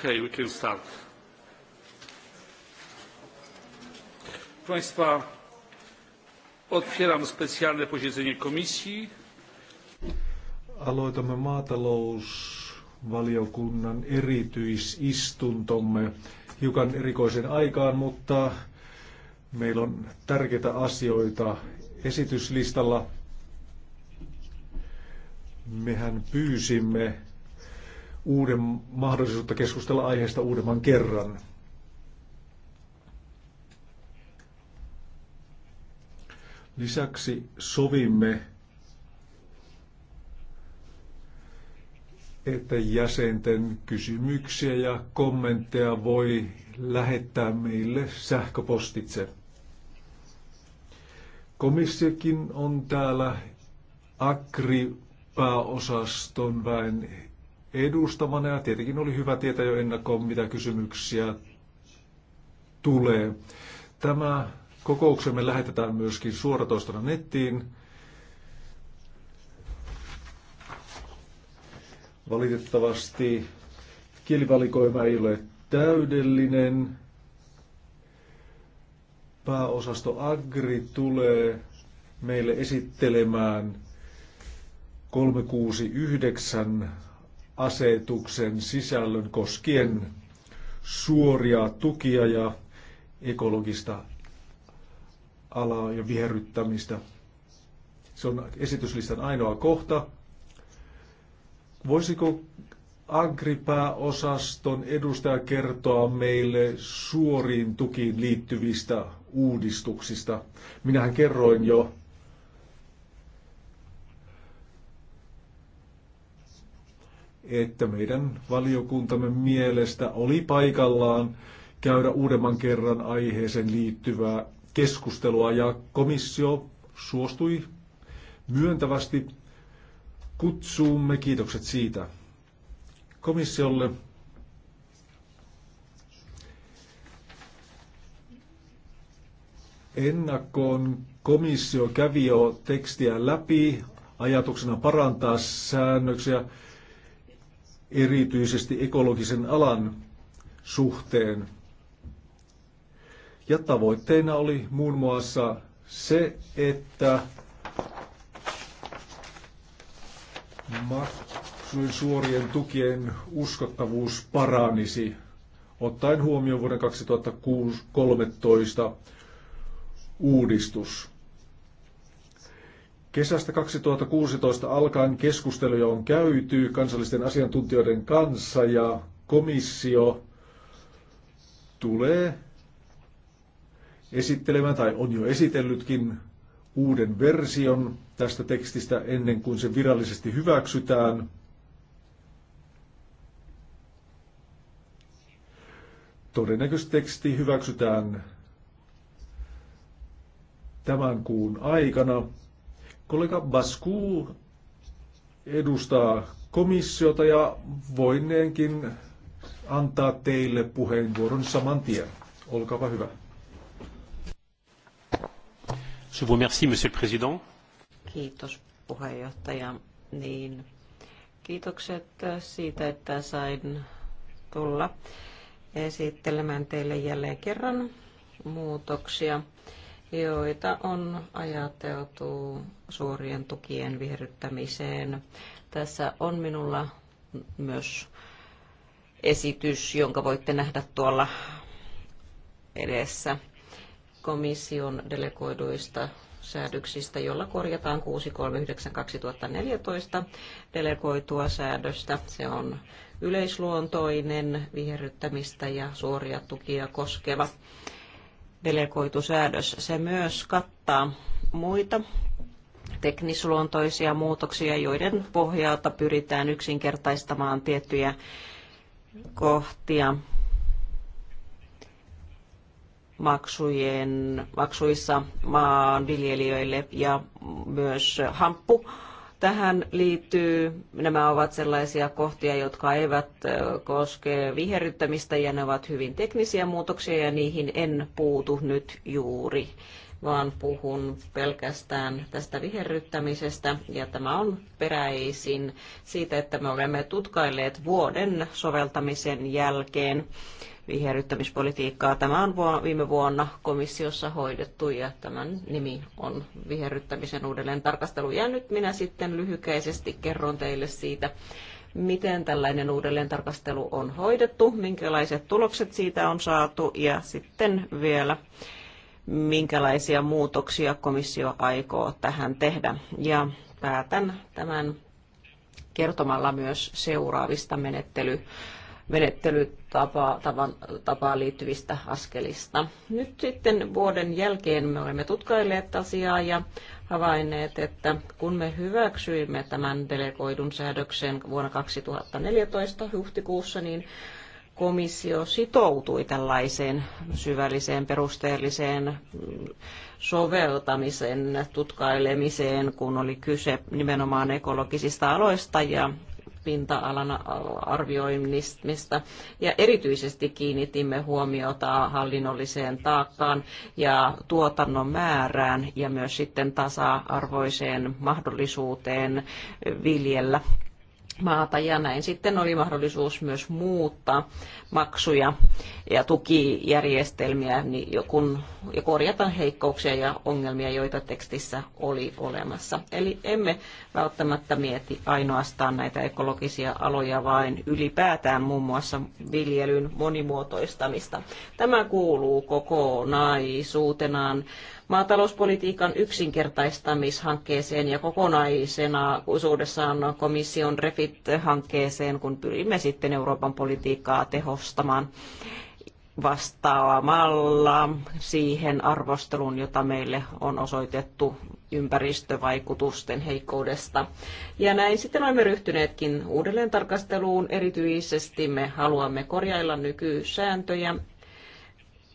Okay, we can start. Proszę Państwa, otwieram specjalne posiedzenie komisji. Aloitamme maatalousvaliokunnan erityisistuntomme hiukan erikoisen aikaan, mutta meillä on tärkeitä asioita esityslistalla. Mehän pyysimme uuden mahdollisuutta keskustella aiheesta uudemman kerran. Lisäksi sovimme, että jäsenten kysymyksiä ja kommentteja voi lähettää meille sähköpostitse. Komissiokin on täällä akri pääosaston väen edustamana ja tietenkin oli hyvä tietää jo ennakkoon, mitä kysymyksiä tulee. Tämä kokouksemme lähetetään myöskin suoratoistona nettiin. Valitettavasti kielivalikoima ei ole täydellinen. Pääosasto Agri tulee meille esittelemään 369 asetuksen sisällön koskien suoria tukia ja ekologista alaa ja viherryttämistä. Se on esityslistan ainoa kohta. Voisiko agripää osaston edustaja kertoa meille suoriin tukiin liittyvistä uudistuksista? Minähän kerroin jo että meidän valiokuntamme mielestä oli paikallaan käydä uudemman kerran aiheeseen liittyvää keskustelua ja komissio suostui myöntävästi kutsuumme. Kiitokset siitä komissiolle. Ennakkoon komissio kävi jo tekstiä läpi ajatuksena parantaa säännöksiä erityisesti ekologisen alan suhteen. Ja tavoitteena oli muun muassa se, että maksujen suorien tukien uskottavuus paranisi, ottaen huomioon vuoden 2013 uudistus. Kesästä 2016 alkaen keskusteluja on käyty kansallisten asiantuntijoiden kanssa ja komissio tulee esittelemään tai on jo esitellytkin uuden version tästä tekstistä ennen kuin se virallisesti hyväksytään. Todennäköisesti teksti hyväksytään tämän kuun aikana. Kollega Basku edustaa komissiota ja voineenkin antaa teille puheenvuoron saman tien. Olkaapa hyvä. Je vous remercie, monsieur le président. Kiitos puheenjohtaja. Niin, kiitokset siitä, että sain tulla esittelemään teille jälleen kerran muutoksia joita on ajateltu suorien tukien viherryttämiseen. Tässä on minulla myös esitys, jonka voitte nähdä tuolla edessä komission delegoiduista säädöksistä, jolla korjataan 639-2014 delegoitua säädöstä. Se on yleisluontoinen viherryttämistä ja suoria tukia koskeva delegoitu säädös. Se myös kattaa muita teknisluontoisia muutoksia, joiden pohjalta pyritään yksinkertaistamaan tiettyjä kohtia maksujen, maksuissa maanviljelijöille ja myös hamppu Tähän liittyy, nämä ovat sellaisia kohtia, jotka eivät koske viherryttämistä ja ne ovat hyvin teknisiä muutoksia ja niihin en puutu nyt juuri vaan puhun pelkästään tästä viherryttämisestä. Ja tämä on peräisin siitä, että me olemme tutkailleet vuoden soveltamisen jälkeen viherryttämispolitiikkaa. Tämä on viime vuonna komissiossa hoidettu ja tämän nimi on viherryttämisen uudelleen tarkastelu. Ja nyt minä sitten lyhykäisesti kerron teille siitä, miten tällainen uudelleen tarkastelu on hoidettu, minkälaiset tulokset siitä on saatu ja sitten vielä minkälaisia muutoksia komissio aikoo tähän tehdä. Ja päätän tämän kertomalla myös seuraavista menettely menettelytapaan liittyvistä askelista. Nyt sitten vuoden jälkeen me olemme tutkailleet asiaa ja havainneet, että kun me hyväksyimme tämän delegoidun säädöksen vuonna 2014 huhtikuussa, niin komissio sitoutui tällaiseen syvälliseen perusteelliseen soveltamisen tutkailemiseen, kun oli kyse nimenomaan ekologisista aloista ja pinta-alan arvioinnista ja erityisesti kiinnitimme huomiota hallinnolliseen taakkaan ja tuotannon määrään ja myös sitten tasa-arvoiseen mahdollisuuteen viljellä maata ja näin sitten oli mahdollisuus myös muuttaa maksuja ja tukijärjestelmiä niin kun, ja korjata heikkouksia ja ongelmia, joita tekstissä oli olemassa. Eli emme välttämättä mieti ainoastaan näitä ekologisia aloja, vaan ylipäätään muun muassa viljelyn monimuotoistamista. Tämä kuuluu kokonaisuutenaan maatalouspolitiikan yksinkertaistamishankkeeseen ja kokonaisena osuudessaan komission REFIT-hankkeeseen, kun pyrimme sitten Euroopan politiikkaa tehostamaan vastaamalla siihen arvosteluun, jota meille on osoitettu ympäristövaikutusten heikkoudesta. Ja näin sitten olemme ryhtyneetkin uudelleen tarkasteluun. Erityisesti me haluamme korjailla nykysääntöjä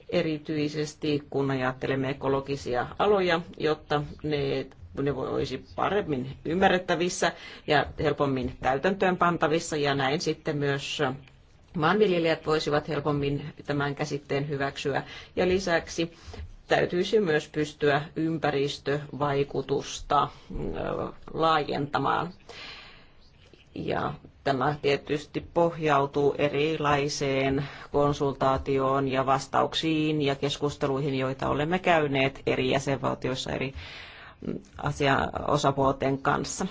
erityisesti kun ajattelemme ekologisia aloja, jotta ne ne voisi paremmin ymmärrettävissä ja helpommin täytäntöön pantavissa ja näin sitten myös maanviljelijät voisivat helpommin tämän käsitteen hyväksyä. Ja lisäksi täytyisi myös pystyä ympäristövaikutusta laajentamaan. Ja Tämä tietysti pohjautuu erilaiseen konsultaatioon ja vastauksiin ja keskusteluihin, joita olemme käyneet eri jäsenvaltioissa eri mm, asia osapuolten kanssa.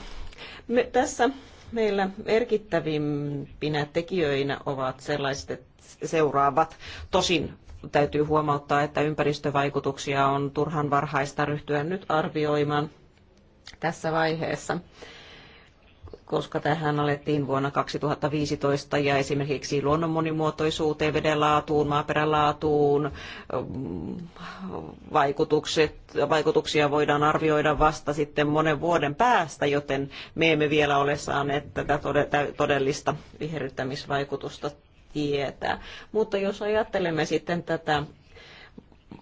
Me tässä meillä merkittävimpinä tekijöinä ovat sellaiset seuraavat. Tosin täytyy huomauttaa, että ympäristövaikutuksia on turhan varhaista ryhtyä nyt arvioimaan tässä vaiheessa koska tähän alettiin vuonna 2015 ja esimerkiksi luonnon monimuotoisuuteen, veden laatuun, maaperän laatuun mm, vaikutukset, vaikutuksia voidaan arvioida vasta sitten monen vuoden päästä, joten me emme vielä ole saaneet tätä todellista viherryttämisvaikutusta tietää. Mutta jos ajattelemme sitten tätä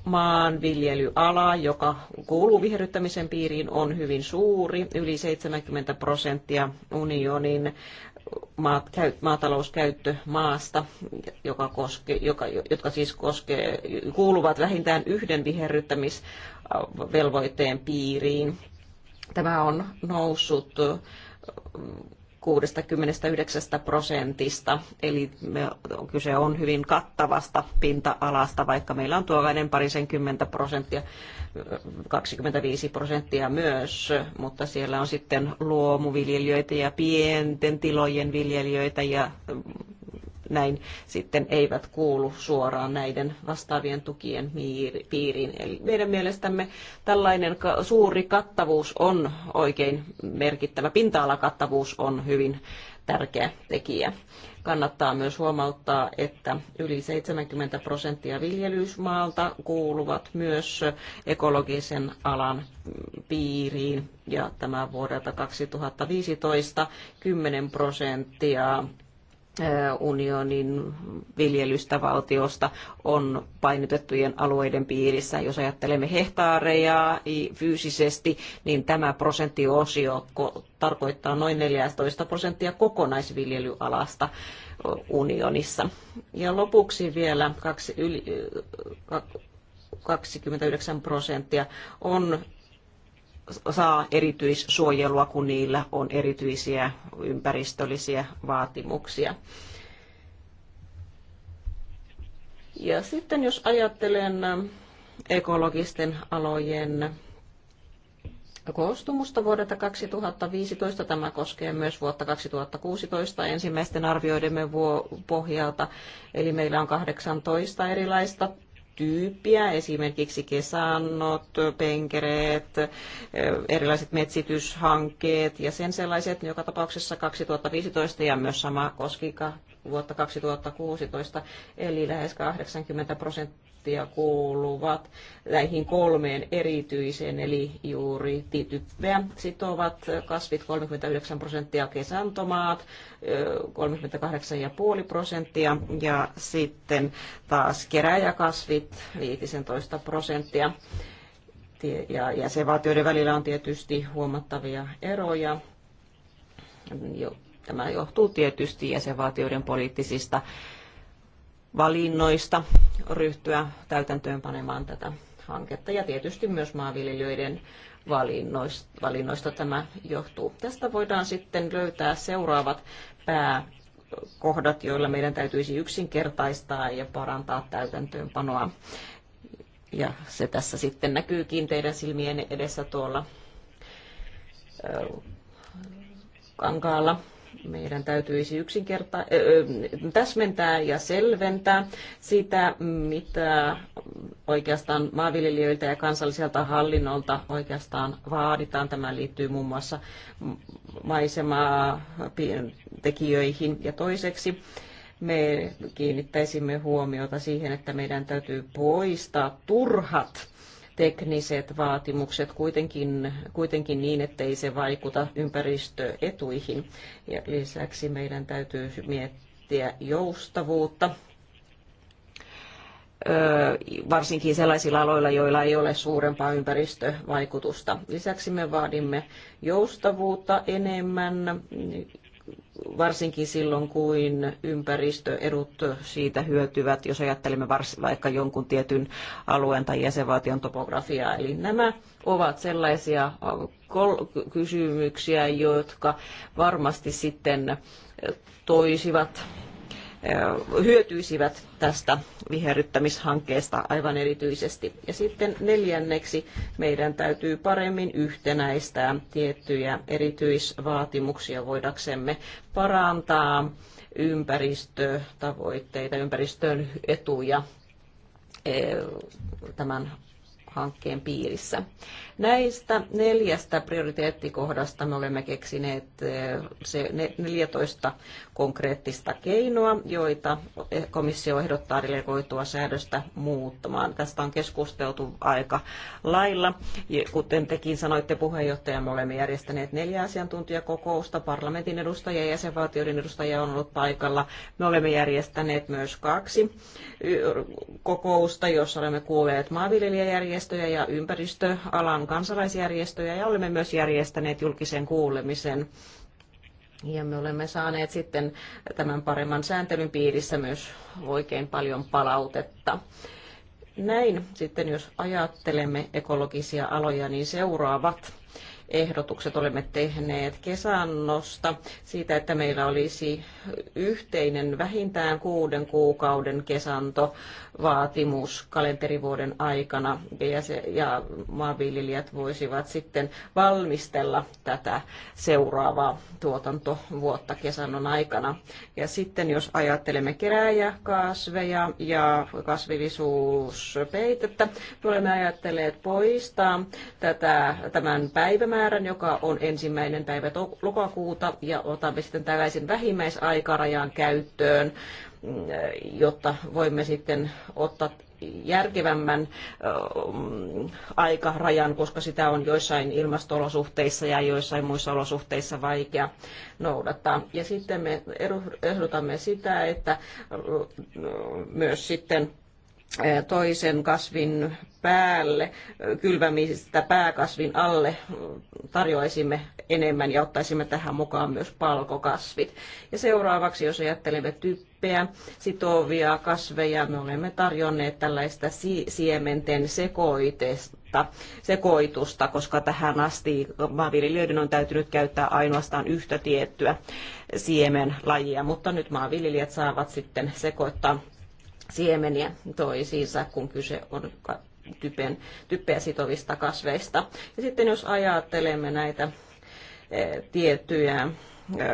maanviljelyala, joka kuuluu viherryttämisen piiriin, on hyvin suuri, yli 70 prosenttia unionin maatalouskäyttömaasta, joka koske, joka, jotka siis koskee, kuuluvat vähintään yhden viherryttämisvelvoitteen piiriin. Tämä on noussut 69 prosentista, eli kyse on hyvin kattavasta pinta-alasta, vaikka meillä on tuollainen parisenkymmentä prosenttia, 25 prosenttia myös, mutta siellä on sitten luomuviljelijöitä ja pienten tilojen viljelijöitä ja näin sitten eivät kuulu suoraan näiden vastaavien tukien piiriin. Eli meidän mielestämme tällainen suuri kattavuus on oikein merkittävä, pinta-alakattavuus on hyvin tärkeä tekijä. Kannattaa myös huomauttaa, että yli 70 prosenttia viljelysmaalta kuuluvat myös ekologisen alan piiriin ja tämä vuodelta 2015 10 prosenttia unionin viljelystä valtiosta on painotettujen alueiden piirissä. Jos ajattelemme hehtaareja fyysisesti, niin tämä prosenttiosio tarkoittaa noin 14 prosenttia kokonaisviljelyalasta unionissa. Ja lopuksi vielä kaksi yli, 29 prosenttia on saa erityissuojelua, kun niillä on erityisiä ympäristöllisiä vaatimuksia. Ja sitten jos ajattelen ähm, ekologisten alojen koostumusta vuodelta 2015. Tämä koskee myös vuotta 2016 ensimmäisten arvioidemme vuo- pohjalta. Eli meillä on 18 erilaista tyyppiä, esimerkiksi kesannot, penkereet, erilaiset metsityshankkeet ja sen sellaiset, joka tapauksessa 2015 ja myös sama koski vuotta 2016, eli lähes 80 prosenttia prosenttia kuuluvat näihin kolmeen erityiseen, eli juuri typpeä sitovat kasvit 39 prosenttia, kesantomaat 38,5 prosenttia ja sitten taas keräjäkasvit 15 prosenttia. Ja jäsenvaltioiden välillä on tietysti huomattavia eroja. Tämä johtuu tietysti jäsenvaltioiden poliittisista valinnoista ryhtyä täytäntöönpanemaan tätä hanketta ja tietysti myös maanviljelijöiden valinnoista, valinnoista tämä johtuu. Tästä voidaan sitten löytää seuraavat pääkohdat, joilla meidän täytyisi yksinkertaistaa ja parantaa täytäntöönpanoa. Ja se tässä sitten näkyykin teidän silmien edessä tuolla kankaalla meidän täytyisi yksinkerta- äh, täsmentää ja selventää sitä, mitä oikeastaan maanviljelijöiltä ja kansalliselta hallinnolta oikeastaan vaaditaan. Tämä liittyy muun muassa maisematekijöihin ja toiseksi me kiinnittäisimme huomiota siihen, että meidän täytyy poistaa turhat tekniset vaatimukset kuitenkin, kuitenkin niin, ettei se vaikuta ympäristöetuihin. Ja lisäksi meidän täytyy miettiä joustavuutta varsinkin sellaisilla aloilla, joilla ei ole suurempaa ympäristövaikutusta. Lisäksi me vaadimme joustavuutta enemmän varsinkin silloin, kun ympäristöedut siitä hyötyvät, jos ajattelemme vaikka jonkun tietyn alueen tai jäsenvaltion topografiaa. Eli nämä ovat sellaisia äh, kysymyksiä, jotka varmasti sitten toisivat hyötyisivät tästä viherryttämishankkeesta aivan erityisesti. Ja sitten neljänneksi meidän täytyy paremmin yhtenäistää tiettyjä erityisvaatimuksia voidaksemme parantaa ympäristötavoitteita, ympäristön etuja tämän hankkeen piirissä. Näistä neljästä prioriteettikohdasta me olemme keksineet eh, se 14 konkreettista keinoa, joita komissio ehdottaa delegoitua säädöstä muuttamaan. Tästä on keskusteltu aika lailla. Kuten tekin sanoitte puheenjohtaja, me olemme järjestäneet neljä asiantuntijakokousta. Parlamentin edustajia ja jäsenvaltioiden edustajia on ollut paikalla. Me olemme järjestäneet myös kaksi eh, kokousta, jossa olemme kuulleet maanviljelijäjärjestelmää järjestöjä ja ympäristöalan kansalaisjärjestöjä ja olemme myös järjestäneet julkisen kuulemisen. Ja me olemme saaneet sitten tämän paremman sääntelyn piirissä myös oikein paljon palautetta. Näin sitten, jos ajattelemme ekologisia aloja, niin seuraavat ehdotukset olemme tehneet kesannosta siitä, että meillä olisi yhteinen vähintään kuuden kuukauden kesanto vaatimus kalenterivuoden aikana ja, se, ja maanviljelijät voisivat sitten valmistella tätä seuraavaa tuotantovuotta kesannon aikana. Ja sitten jos ajattelemme kerääjäkasveja ja kasvillisuuspeitettä, tulemme ajatteleet poistaa tätä, tämän päivämäärän määrän, joka on ensimmäinen päivä lokakuuta, ja otamme sitten tällaisen vähimmäisaikarajan käyttöön, mm, jotta voimme sitten ottaa järkevämmän mm, aikarajan, koska sitä on joissain ilmastolosuhteissa ja joissain muissa olosuhteissa vaikea noudattaa. Ja sitten me ehdotamme sitä, että myös sitten toisen kasvin päälle kylvämistä pääkasvin alle tarjoaisimme enemmän ja ottaisimme tähän mukaan myös palkokasvit. Ja seuraavaksi, jos ajattelemme typpeä, sitovia kasveja, me olemme tarjonneet tällaista siementen sekoitesta, sekoitusta, koska tähän asti maanviljelijöiden on täytynyt käyttää ainoastaan yhtä tiettyä siemenlajia, mutta nyt maanviljelijät saavat sitten sekoittaa siemeniä toisiinsa, kun kyse on typen, typpeä sitovista kasveista. Ja sitten jos ajattelemme näitä e, tiettyjä e,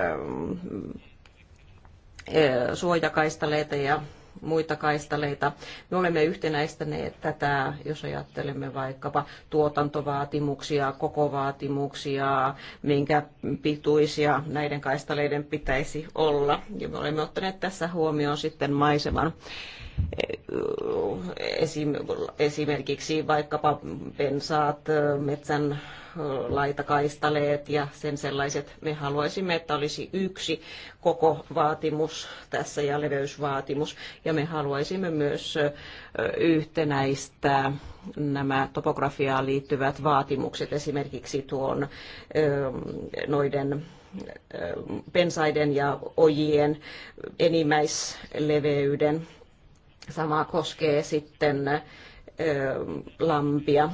e, suojakaistaleita ja muita kaistaleita. Me olemme yhtenäistäneet tätä, jos ajattelemme vaikkapa tuotantovaatimuksia, kokovaatimuksia, minkä pituisia näiden kaistaleiden pitäisi olla. Ja me olemme ottaneet tässä huomioon sitten maiseman esimerkiksi vaikkapa pensaat, metsän laitakaistaleet ja sen sellaiset. Me haluaisimme, että olisi yksi koko vaatimus tässä ja leveysvaatimus. Ja me haluaisimme myös yhtenäistää nämä topografiaan liittyvät vaatimukset esimerkiksi tuon noiden pensaiden ja ojien enimmäisleveyden Sama koskee sitten lampia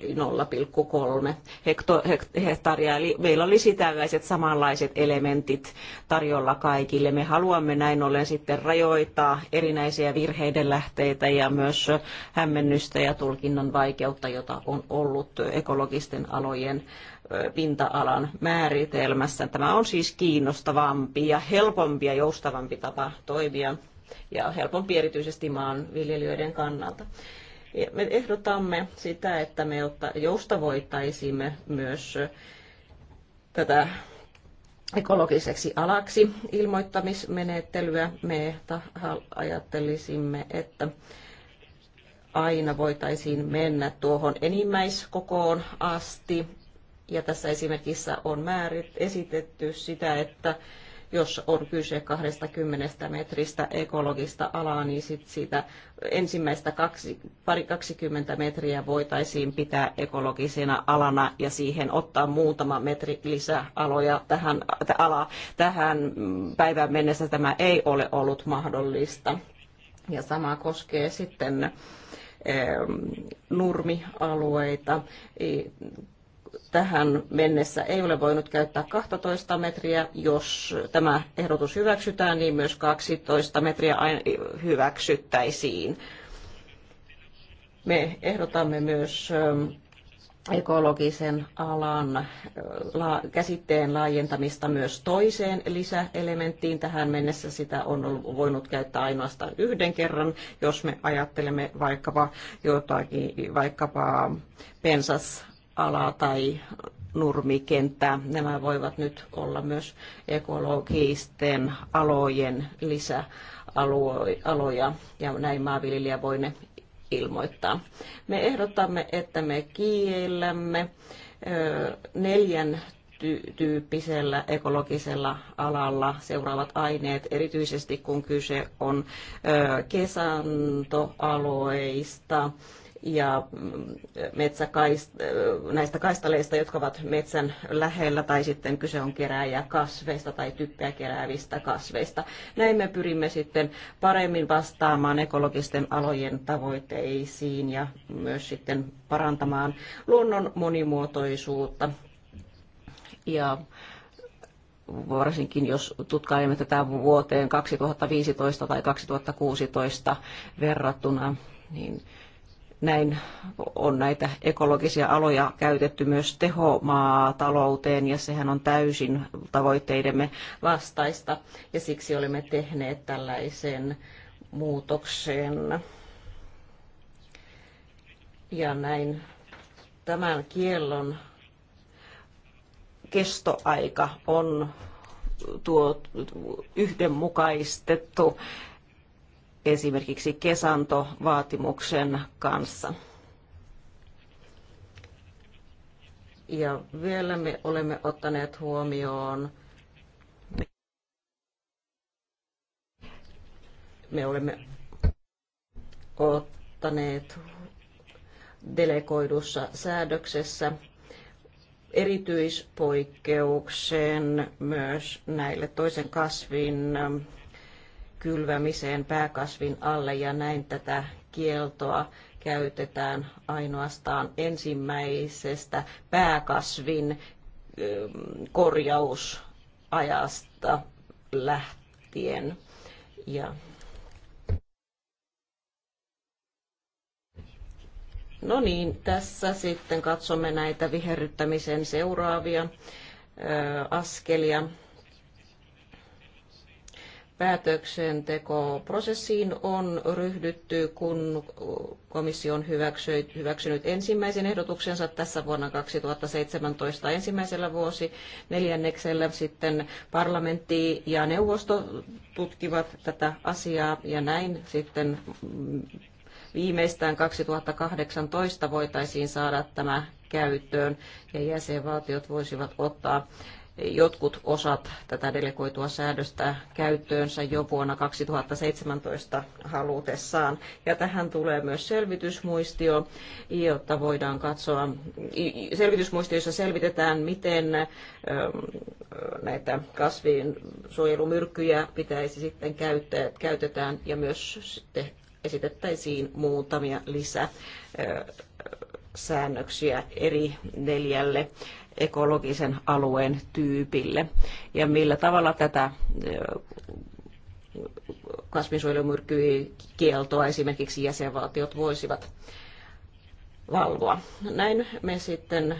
0,3 hekto, hehtaaria. Eli meillä olisi tällaiset samanlaiset elementit tarjolla kaikille. Me haluamme näin ollen sitten rajoittaa erinäisiä virheiden lähteitä ja myös hämmennystä ja tulkinnan vaikeutta, jota on ollut ekologisten alojen pinta-alan määritelmässä. Tämä on siis kiinnostavampi ja helpompi ja joustavampi tapa toimia ja helpompi erityisesti maanviljelijöiden kannalta. Me ehdotamme sitä, että me joustavoittaisimme myös tätä ekologiseksi alaksi ilmoittamismenettelyä. Me ajattelisimme, että aina voitaisiin mennä tuohon enimmäiskokoon asti. Ja tässä esimerkissä on määrit esitetty sitä, että jos on kyse 20 metristä ekologista alaa, niin sit siitä ensimmäistä kaksi, pari 20 metriä voitaisiin pitää ekologisena alana ja siihen ottaa muutama metri lisäaloja aloja tähän, ala. tähän päivään mennessä tämä ei ole ollut mahdollista. Ja sama koskee sitten nurmialueita tähän mennessä ei ole voinut käyttää 12 metriä. Jos tämä ehdotus hyväksytään, niin myös 12 metriä hyväksyttäisiin. Me ehdotamme myös ähm, ekologisen alan äh, käsitteen laajentamista myös toiseen lisäelementtiin. Tähän mennessä sitä on voinut käyttää ainoastaan yhden kerran, jos me ajattelemme vaikkapa jotakin, vaikkapa pensas ala tai nurmikenttä. Nämä voivat nyt olla myös ekologisten alojen lisäaloja ja näin maanviljelijä voi ne ilmoittaa. Me ehdotamme, että me kiellämme neljän tyyppisellä ekologisella alalla seuraavat aineet, erityisesti kun kyse on kesantoaloista, ja mm, metsäkaist, näistä kaistaleista, jotka ovat metsän lähellä, tai sitten kyse on kerääjäkasveista tai typpeä keräävistä kasveista. Näin me pyrimme sitten paremmin vastaamaan ekologisten alojen tavoitteisiin ja myös sitten parantamaan luonnon monimuotoisuutta. Ja varsinkin jos tutkailemme tätä vuoteen 2015 tai 2016 verrattuna, niin näin on näitä ekologisia aloja käytetty myös tehomaatalouteen ja sehän on täysin tavoitteidemme vastaista ja siksi olemme tehneet tällaisen muutoksen. Ja näin tämän kiellon kestoaika on tuo yhdenmukaistettu esimerkiksi kesantovaatimuksen kanssa. Ja vielä me olemme ottaneet huomioon me olemme ottaneet delegoidussa säädöksessä erityispoikkeuksen myös näille toisen kasvin kylvämiseen pääkasvin alle ja näin tätä kieltoa käytetään ainoastaan ensimmäisestä pääkasvin korjausajasta lähtien. Ja No niin, tässä sitten katsomme näitä viherryttämisen seuraavia askelia päätöksentekoprosessiin on ryhdytty, kun komissio on hyväksynyt ensimmäisen ehdotuksensa tässä vuonna 2017 ensimmäisellä vuosi neljänneksellä. Sitten parlamentti ja neuvosto tutkivat tätä asiaa ja näin sitten viimeistään 2018 voitaisiin saada tämä käyttöön ja jäsenvaltiot voisivat ottaa jotkut osat tätä delegoitua säädöstä käyttöönsä jo vuonna 2017 halutessaan. Ja tähän tulee myös selvitysmuistio, jotta voidaan katsoa, selvitysmuistiossa selvitetään, miten näitä kasvinsuojelumyrkkyjä pitäisi sitten käyttää, käytetään ja myös sitten esitettäisiin muutamia lisäsäännöksiä säännöksiä eri neljälle ekologisen alueen tyypille ja millä tavalla tätä kasvinsuojelumyrkkykieltoa esimerkiksi jäsenvaltiot voisivat valvoa. Näin me sitten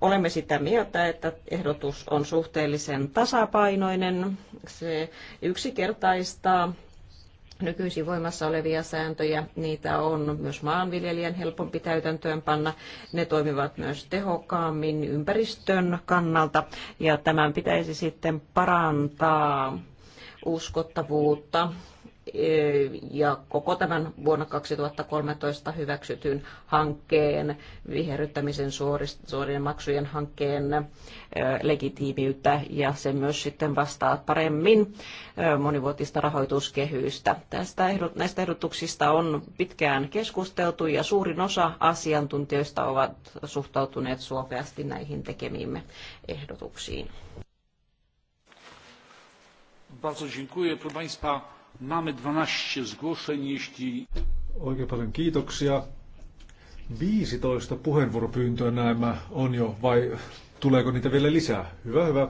olemme sitä mieltä, että ehdotus on suhteellisen tasapainoinen. Se yksinkertaistaa nykyisin voimassa olevia sääntöjä. Niitä on myös maanviljelijän helpompi täytäntöön panna. Ne toimivat myös tehokkaammin ympäristön kannalta ja tämän pitäisi sitten parantaa uskottavuutta ja koko tämän vuonna 2013 hyväksytyn hankkeen, viherryttämisen suorien maksujen hankkeen legitiimiyttä ja se myös sitten vastaa paremmin monivuotista rahoituskehystä. Tästä näistä ehdotuksista on pitkään keskusteltu ja suurin osa asiantuntijoista ovat suhtautuneet suopeasti näihin tekemiimme ehdotuksiin. Bardzo dziękuję. Proszę Państwa, Mamy 12 zgłoszeń, jeśli... Oikein paljon kiitoksia. 15 puheenvuoropyyntöä nämä on jo, vai tuleeko niitä vielä lisää? Hyvä, hyvä.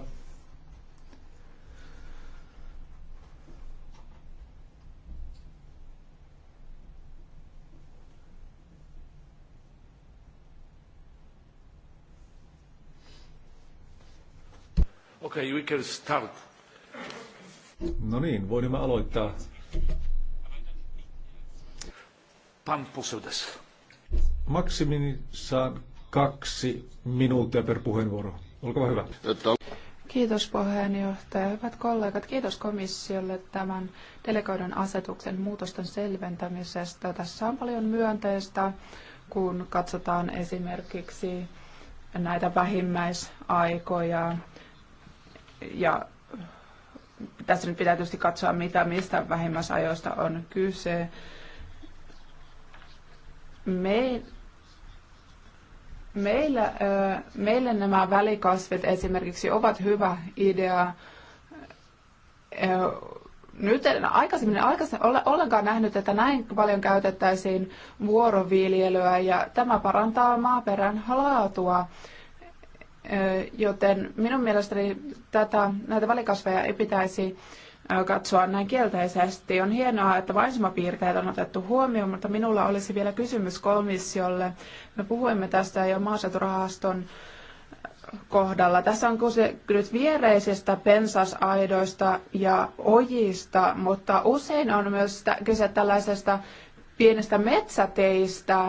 Okay, we can start. No niin, voimme aloittaa. Pan poseudes. Maksimissaan kaksi minuuttia per puheenvuoro. Olkaa hyvä. Kiitos puheenjohtaja. Hyvät kollegat, kiitos komissiolle tämän delegoidun asetuksen muutosten selventämisestä. Tässä on paljon myönteistä, kun katsotaan esimerkiksi näitä vähimmäisaikoja ja tässä nyt pitää tietysti katsoa, mitä mistä vähimmäisajoista on kyse. Me, meillä, meille nämä välikasvit esimerkiksi ovat hyvä idea. Nyt en aikaisemmin, aikaisemmin ole ollenkaan nähnyt, että näin paljon käytettäisiin vuoroviljelyä ja tämä parantaa maaperän laatua. Joten minun mielestäni tätä, näitä välikasveja ei pitäisi katsoa näin kielteisesti. On hienoa, että vainsmapiirteet on otettu huomioon, mutta minulla olisi vielä kysymys komissiolle. Me puhuimme tästä jo maaseuturahaston kohdalla. Tässä on kyse nyt viereisistä pensasaidoista ja ojista, mutta usein on myös kyse tällaisesta pienestä metsäteistä.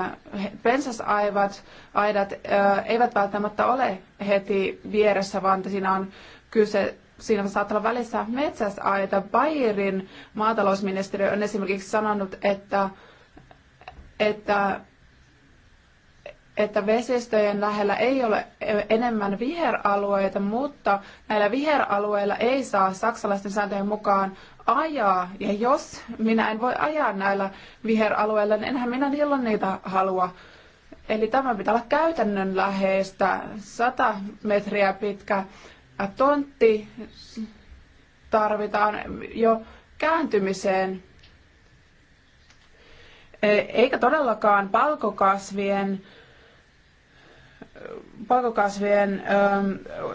Pensasaivat aidat eivät välttämättä ole heti vieressä, vaan siinä on kyse siinä saattaa olla välissä metsäsaita. Bayerin maatalousministeriö on esimerkiksi sanonut, että, että, että vesistöjen lähellä ei ole enemmän viheralueita, mutta näillä viheralueilla ei saa saksalaisten sääntöjen mukaan ajaa. Ja jos minä en voi ajaa näillä viheralueilla, niin enhän minä silloin niitä halua. Eli tämä pitää olla käytännönläheistä, 100 metriä pitkä tontti tarvitaan jo kääntymiseen. E, eikä todellakaan palkokasvien palkokasvien ähm,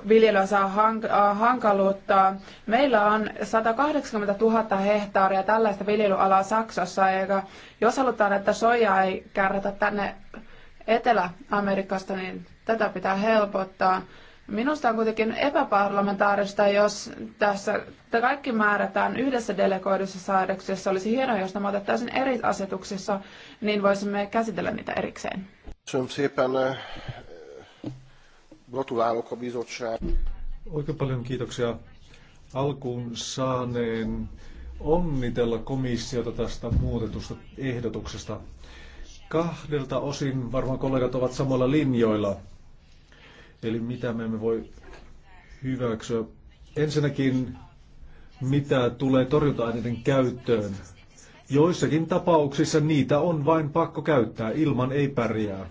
viljelyä saa äh, hankaluuttaa. Meillä on 180 000 hehtaaria tällaista viljelyalaa Saksassa, eikä jos halutaan, että soijaa ei kärrätä tänne Etelä-Amerikasta, niin tätä pitää helpottaa. Minusta on kuitenkin epäparlamentaarista, jos tässä kaikki määrätään yhdessä delegoidussa säädöksessä. Olisi hienoa, jos nämä otettaisiin eri asetuksissa, niin voisimme käsitellä niitä erikseen. Gratulálok a bizottság. Oikein paljon kiitoksia alkuun saaneen onnitella komissiota tästä muutetusta ehdotuksesta. Kahdelta osin varmaan kollegat ovat samalla linjoilla. Eli mitä me emme voi hyväksyä. Ensinnäkin, mitä tulee torjunta-aineiden käyttöön. Joissakin tapauksissa niitä on vain pakko käyttää, ilman ei pärjää.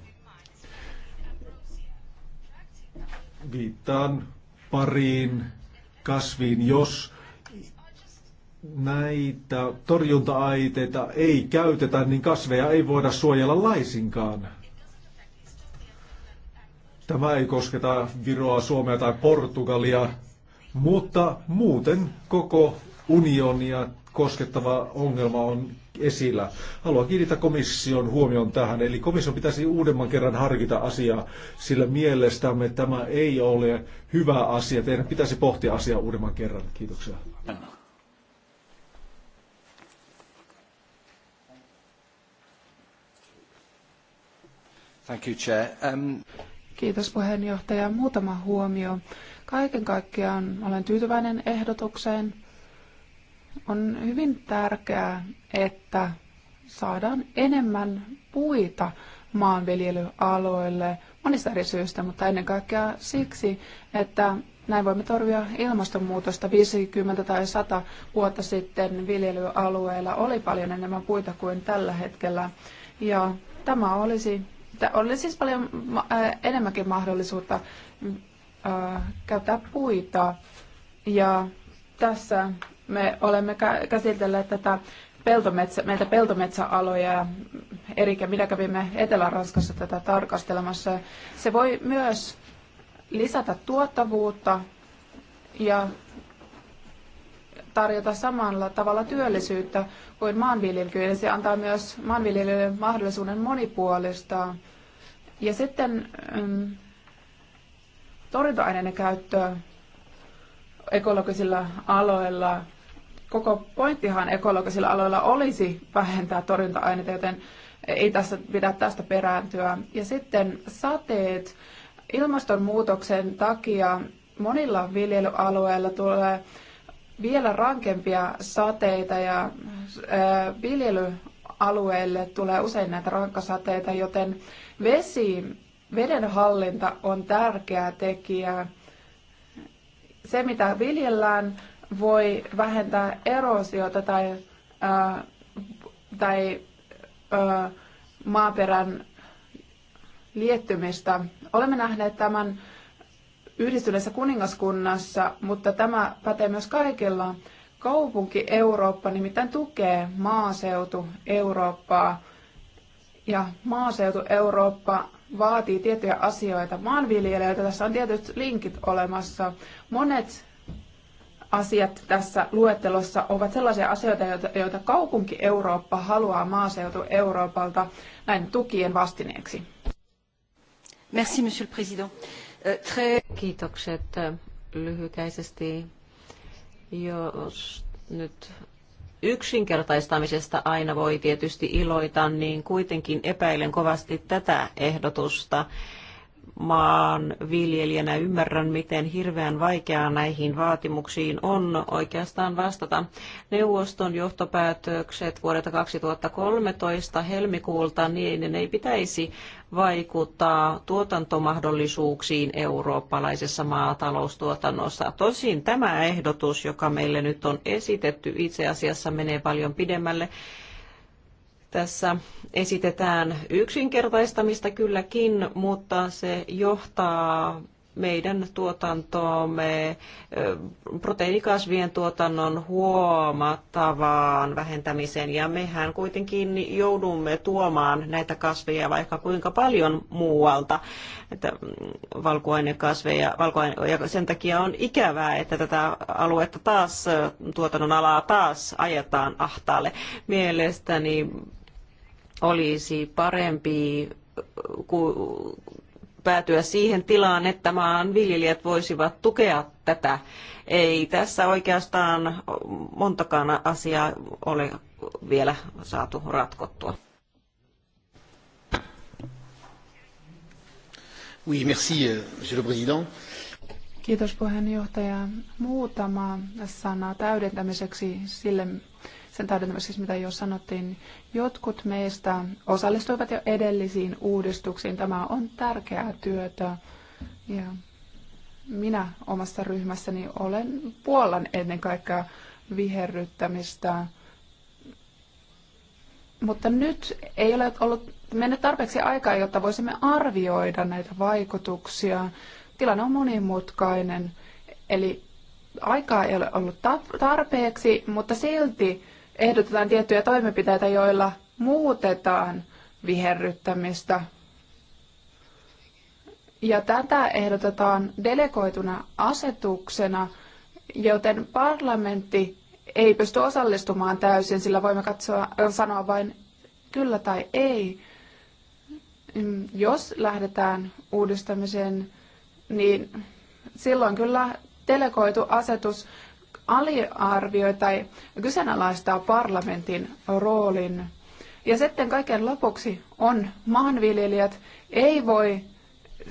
Viittaan pariin kasviin, jos näitä torjunta-aiteita ei käytetä, niin kasveja ei voida suojella laisinkaan. Tämä ei kosketa Viroa, Suomea tai Portugalia, mutta muuten koko unionia koskettava ongelma on esillä. Haluan kiinnittää komission huomion tähän, eli komission pitäisi uudemman kerran harkita asiaa, sillä mielestämme tämä ei ole hyvä asia. Teidän pitäisi pohtia asiaa uudemman kerran. Kiitoksia. Thank you, Chair. Um... Kiitos puheenjohtaja. Muutama huomio. Kaiken kaikkiaan olen tyytyväinen ehdotukseen. On hyvin tärkeää, että saadaan enemmän puita maanviljelyaloille monista eri syistä, mutta ennen kaikkea siksi, että näin voimme torjua ilmastonmuutosta. 50 tai 100 vuotta sitten viljelyalueilla oli paljon enemmän puita kuin tällä hetkellä. Ja tämä olisi, oli siis paljon enemmänkin mahdollisuutta käyttää puita. Ja tässä me olemme käsitelleet tätä peltometsä, meitä peltometsäaloja, ja Erika, minä kävimme Etelä-Ranskassa tätä tarkastelemassa. Se voi myös lisätä tuottavuutta ja tarjota samalla tavalla työllisyyttä kuin maanviljelijöille. Se antaa myös maanviljelijöille mahdollisuuden monipuolistaa. Ja sitten mm, torjunta-aineiden käyttö ekologisilla aloilla koko pointtihan ekologisilla aloilla olisi vähentää torjunta-aineita, joten ei tässä pidä tästä perääntyä. Ja sitten sateet. Ilmastonmuutoksen takia monilla viljelyalueilla tulee vielä rankempia sateita ja viljelyalueille tulee usein näitä rankkasateita, joten vesi, veden hallinta on tärkeä tekijä. Se, mitä viljellään, voi vähentää erosiota tai, äh, tai äh, maaperän liettymistä. Olemme nähneet tämän yhdistyneessä kuningaskunnassa, mutta tämä pätee myös kaikilla. Kaupunki Eurooppa nimittäin tukee maaseutu Eurooppaa ja maaseutu Eurooppa vaatii tiettyjä asioita maanviljelijöiltä. Tässä on tietyt linkit olemassa. Monet asiat tässä luettelossa ovat sellaisia asioita, joita, joita kaupunki Eurooppa haluaa maaseutu Euroopalta näin tukien vastineeksi. Merci, monsieur le président. Euh, Kiitokset äh, lyhykäisesti. Jos nyt yksinkertaistamisesta aina voi tietysti iloita, niin kuitenkin epäilen kovasti tätä ehdotusta maan viljelijänä ymmärrän, miten hirveän vaikeaa näihin vaatimuksiin on oikeastaan vastata. Neuvoston johtopäätökset vuodelta 2013 helmikuulta, niin ne ei pitäisi vaikuttaa tuotantomahdollisuuksiin eurooppalaisessa maataloustuotannossa. Tosin tämä ehdotus, joka meille nyt on esitetty, itse asiassa menee paljon pidemmälle tässä esitetään yksinkertaistamista kylläkin, mutta se johtaa meidän tuotantoamme proteiinikasvien tuotannon huomattavaan vähentämiseen. Ja mehän kuitenkin joudumme tuomaan näitä kasveja vaikka kuinka paljon muualta, että mm, valkuainekasveja. Valkuaine, ja sen takia on ikävää, että tätä aluetta taas, tuotannon alaa taas ajetaan ahtaalle. Mielestäni olisi parempi päätyä siihen tilaan, että maanviljelijät voisivat tukea tätä. Ei tässä oikeastaan montakaan asiaa ole vielä saatu ratkottua. Oui, merci, euh, monsieur le président. Kiitos puheenjohtaja. Muutama sana täydentämiseksi sille, sen täydentämiseksi, siis mitä jo sanottiin. Jotkut meistä osallistuivat jo edellisiin uudistuksiin. Tämä on tärkeää työtä. Ja minä omassa ryhmässäni olen puolan ennen kaikkea viherryttämistä. Mutta nyt ei ole ollut mennyt tarpeeksi aikaa, jotta voisimme arvioida näitä vaikutuksia. Tilanne on monimutkainen, eli aikaa ei ole ollut tarpeeksi, mutta silti ehdotetaan tiettyjä toimenpiteitä, joilla muutetaan viherryttämistä. Ja tätä ehdotetaan delegoituna asetuksena, joten parlamentti ei pysty osallistumaan täysin, sillä voimme katsoa, sanoa vain kyllä tai ei. Jos lähdetään uudistamiseen, niin silloin kyllä delegoitu asetus aliarvioi tai kyseenalaistaa parlamentin roolin. Ja sitten kaiken lopuksi on maanviljelijät. Ei voi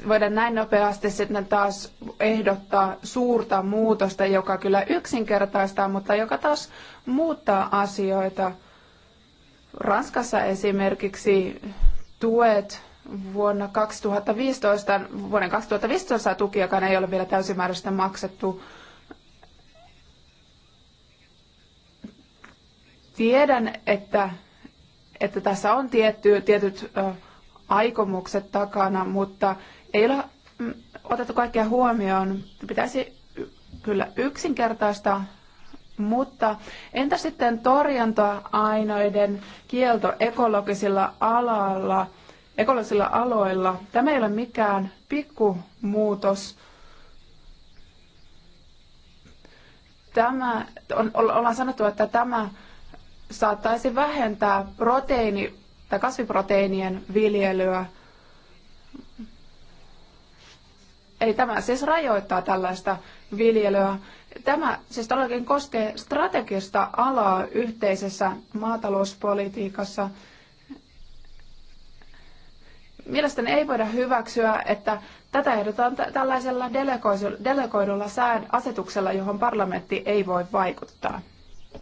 voida näin nopeasti sitten taas ehdottaa suurta muutosta, joka kyllä yksinkertaistaa, mutta joka taas muuttaa asioita. Ranskassa esimerkiksi tuet vuonna 2015, vuoden 2015 tuki, joka ei ole vielä täysimääräisesti maksettu, Tiedän, että, että tässä on tietty, tietyt ö, aikomukset takana, mutta ei ole mm, otettu kaikkea huomioon. Pitäisi kyllä yksinkertaista, mutta entä sitten torjunta ainoiden kielto ekologisilla alalla, ekologisilla aloilla? Tämä ei ole mikään pikkumuutos. Tämä, on, ollaan sanottu, että tämä saattaisi vähentää proteiini- tai kasviproteiinien viljelyä. Eli tämä siis rajoittaa tällaista viljelyä. Tämä siis todellakin koskee strategista alaa yhteisessä maatalouspolitiikassa. Mielestäni ei voida hyväksyä, että tätä ehdotetaan tällaisella delegoidulla sään asetuksella, johon parlamentti ei voi vaikuttaa.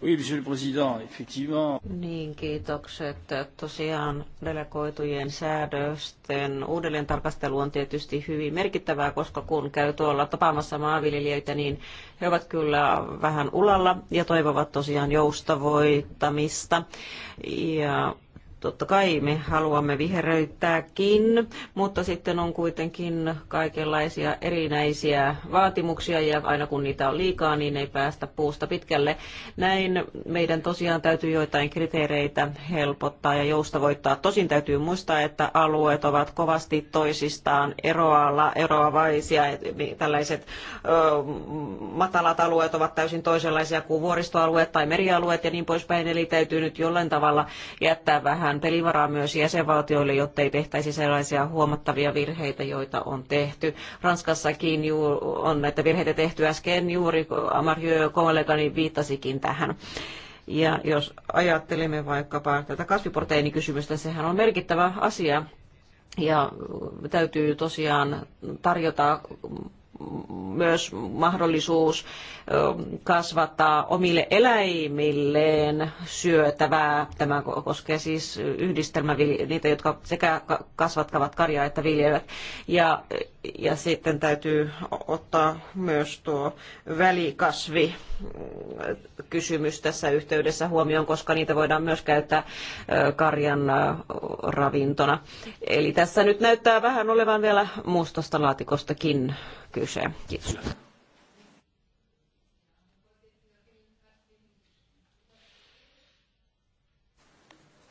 Oui, monsieur le président, effectivement. Niin, kiitokset. Tosiaan delegoitujen säädösten uudelleen tarkastelu on tietysti hyvin merkittävää, koska kun käy tuolla tapaamassa maanviljelijöitä, niin he ovat kyllä vähän ulalla ja toivovat tosiaan joustavoittamista. Ja Totta kai me haluamme viheröittääkin, mutta sitten on kuitenkin kaikenlaisia erinäisiä vaatimuksia ja aina kun niitä on liikaa, niin ei päästä puusta pitkälle. Näin meidän tosiaan täytyy joitain kriteereitä helpottaa ja joustavoittaa. Tosin täytyy muistaa, että alueet ovat kovasti toisistaan eroalla, eroavaisia. Tällaiset ö, matalat alueet ovat täysin toisenlaisia kuin vuoristoalueet tai merialueet ja niin poispäin, eli täytyy nyt jollain tavalla jättää vähän annetaan pelivaraa myös jäsenvaltioille, jotta ei tehtäisi sellaisia huomattavia virheitä, joita on tehty. Ranskassakin on näitä virheitä tehty äsken juuri, Amarjö kollegani viittasikin tähän. Ja jos ajattelemme vaikkapa tätä kasviproteiinikysymystä, sehän on merkittävä asia ja täytyy tosiaan tarjota myös mahdollisuus kasvattaa omille eläimilleen syötävää. Tämä koskee siis yhdistelmäviljelijöitä, niitä, jotka sekä kasvattavat karjaa että viljelevät. Ja ja sitten täytyy ottaa myös tuo välikasvi mm, kysymys tässä yhteydessä huomioon, koska niitä voidaan myös käyttää karjan ravintona. Eli tässä nyt näyttää vähän olevan vielä mustasta laatikostakin kyse. Kiitos.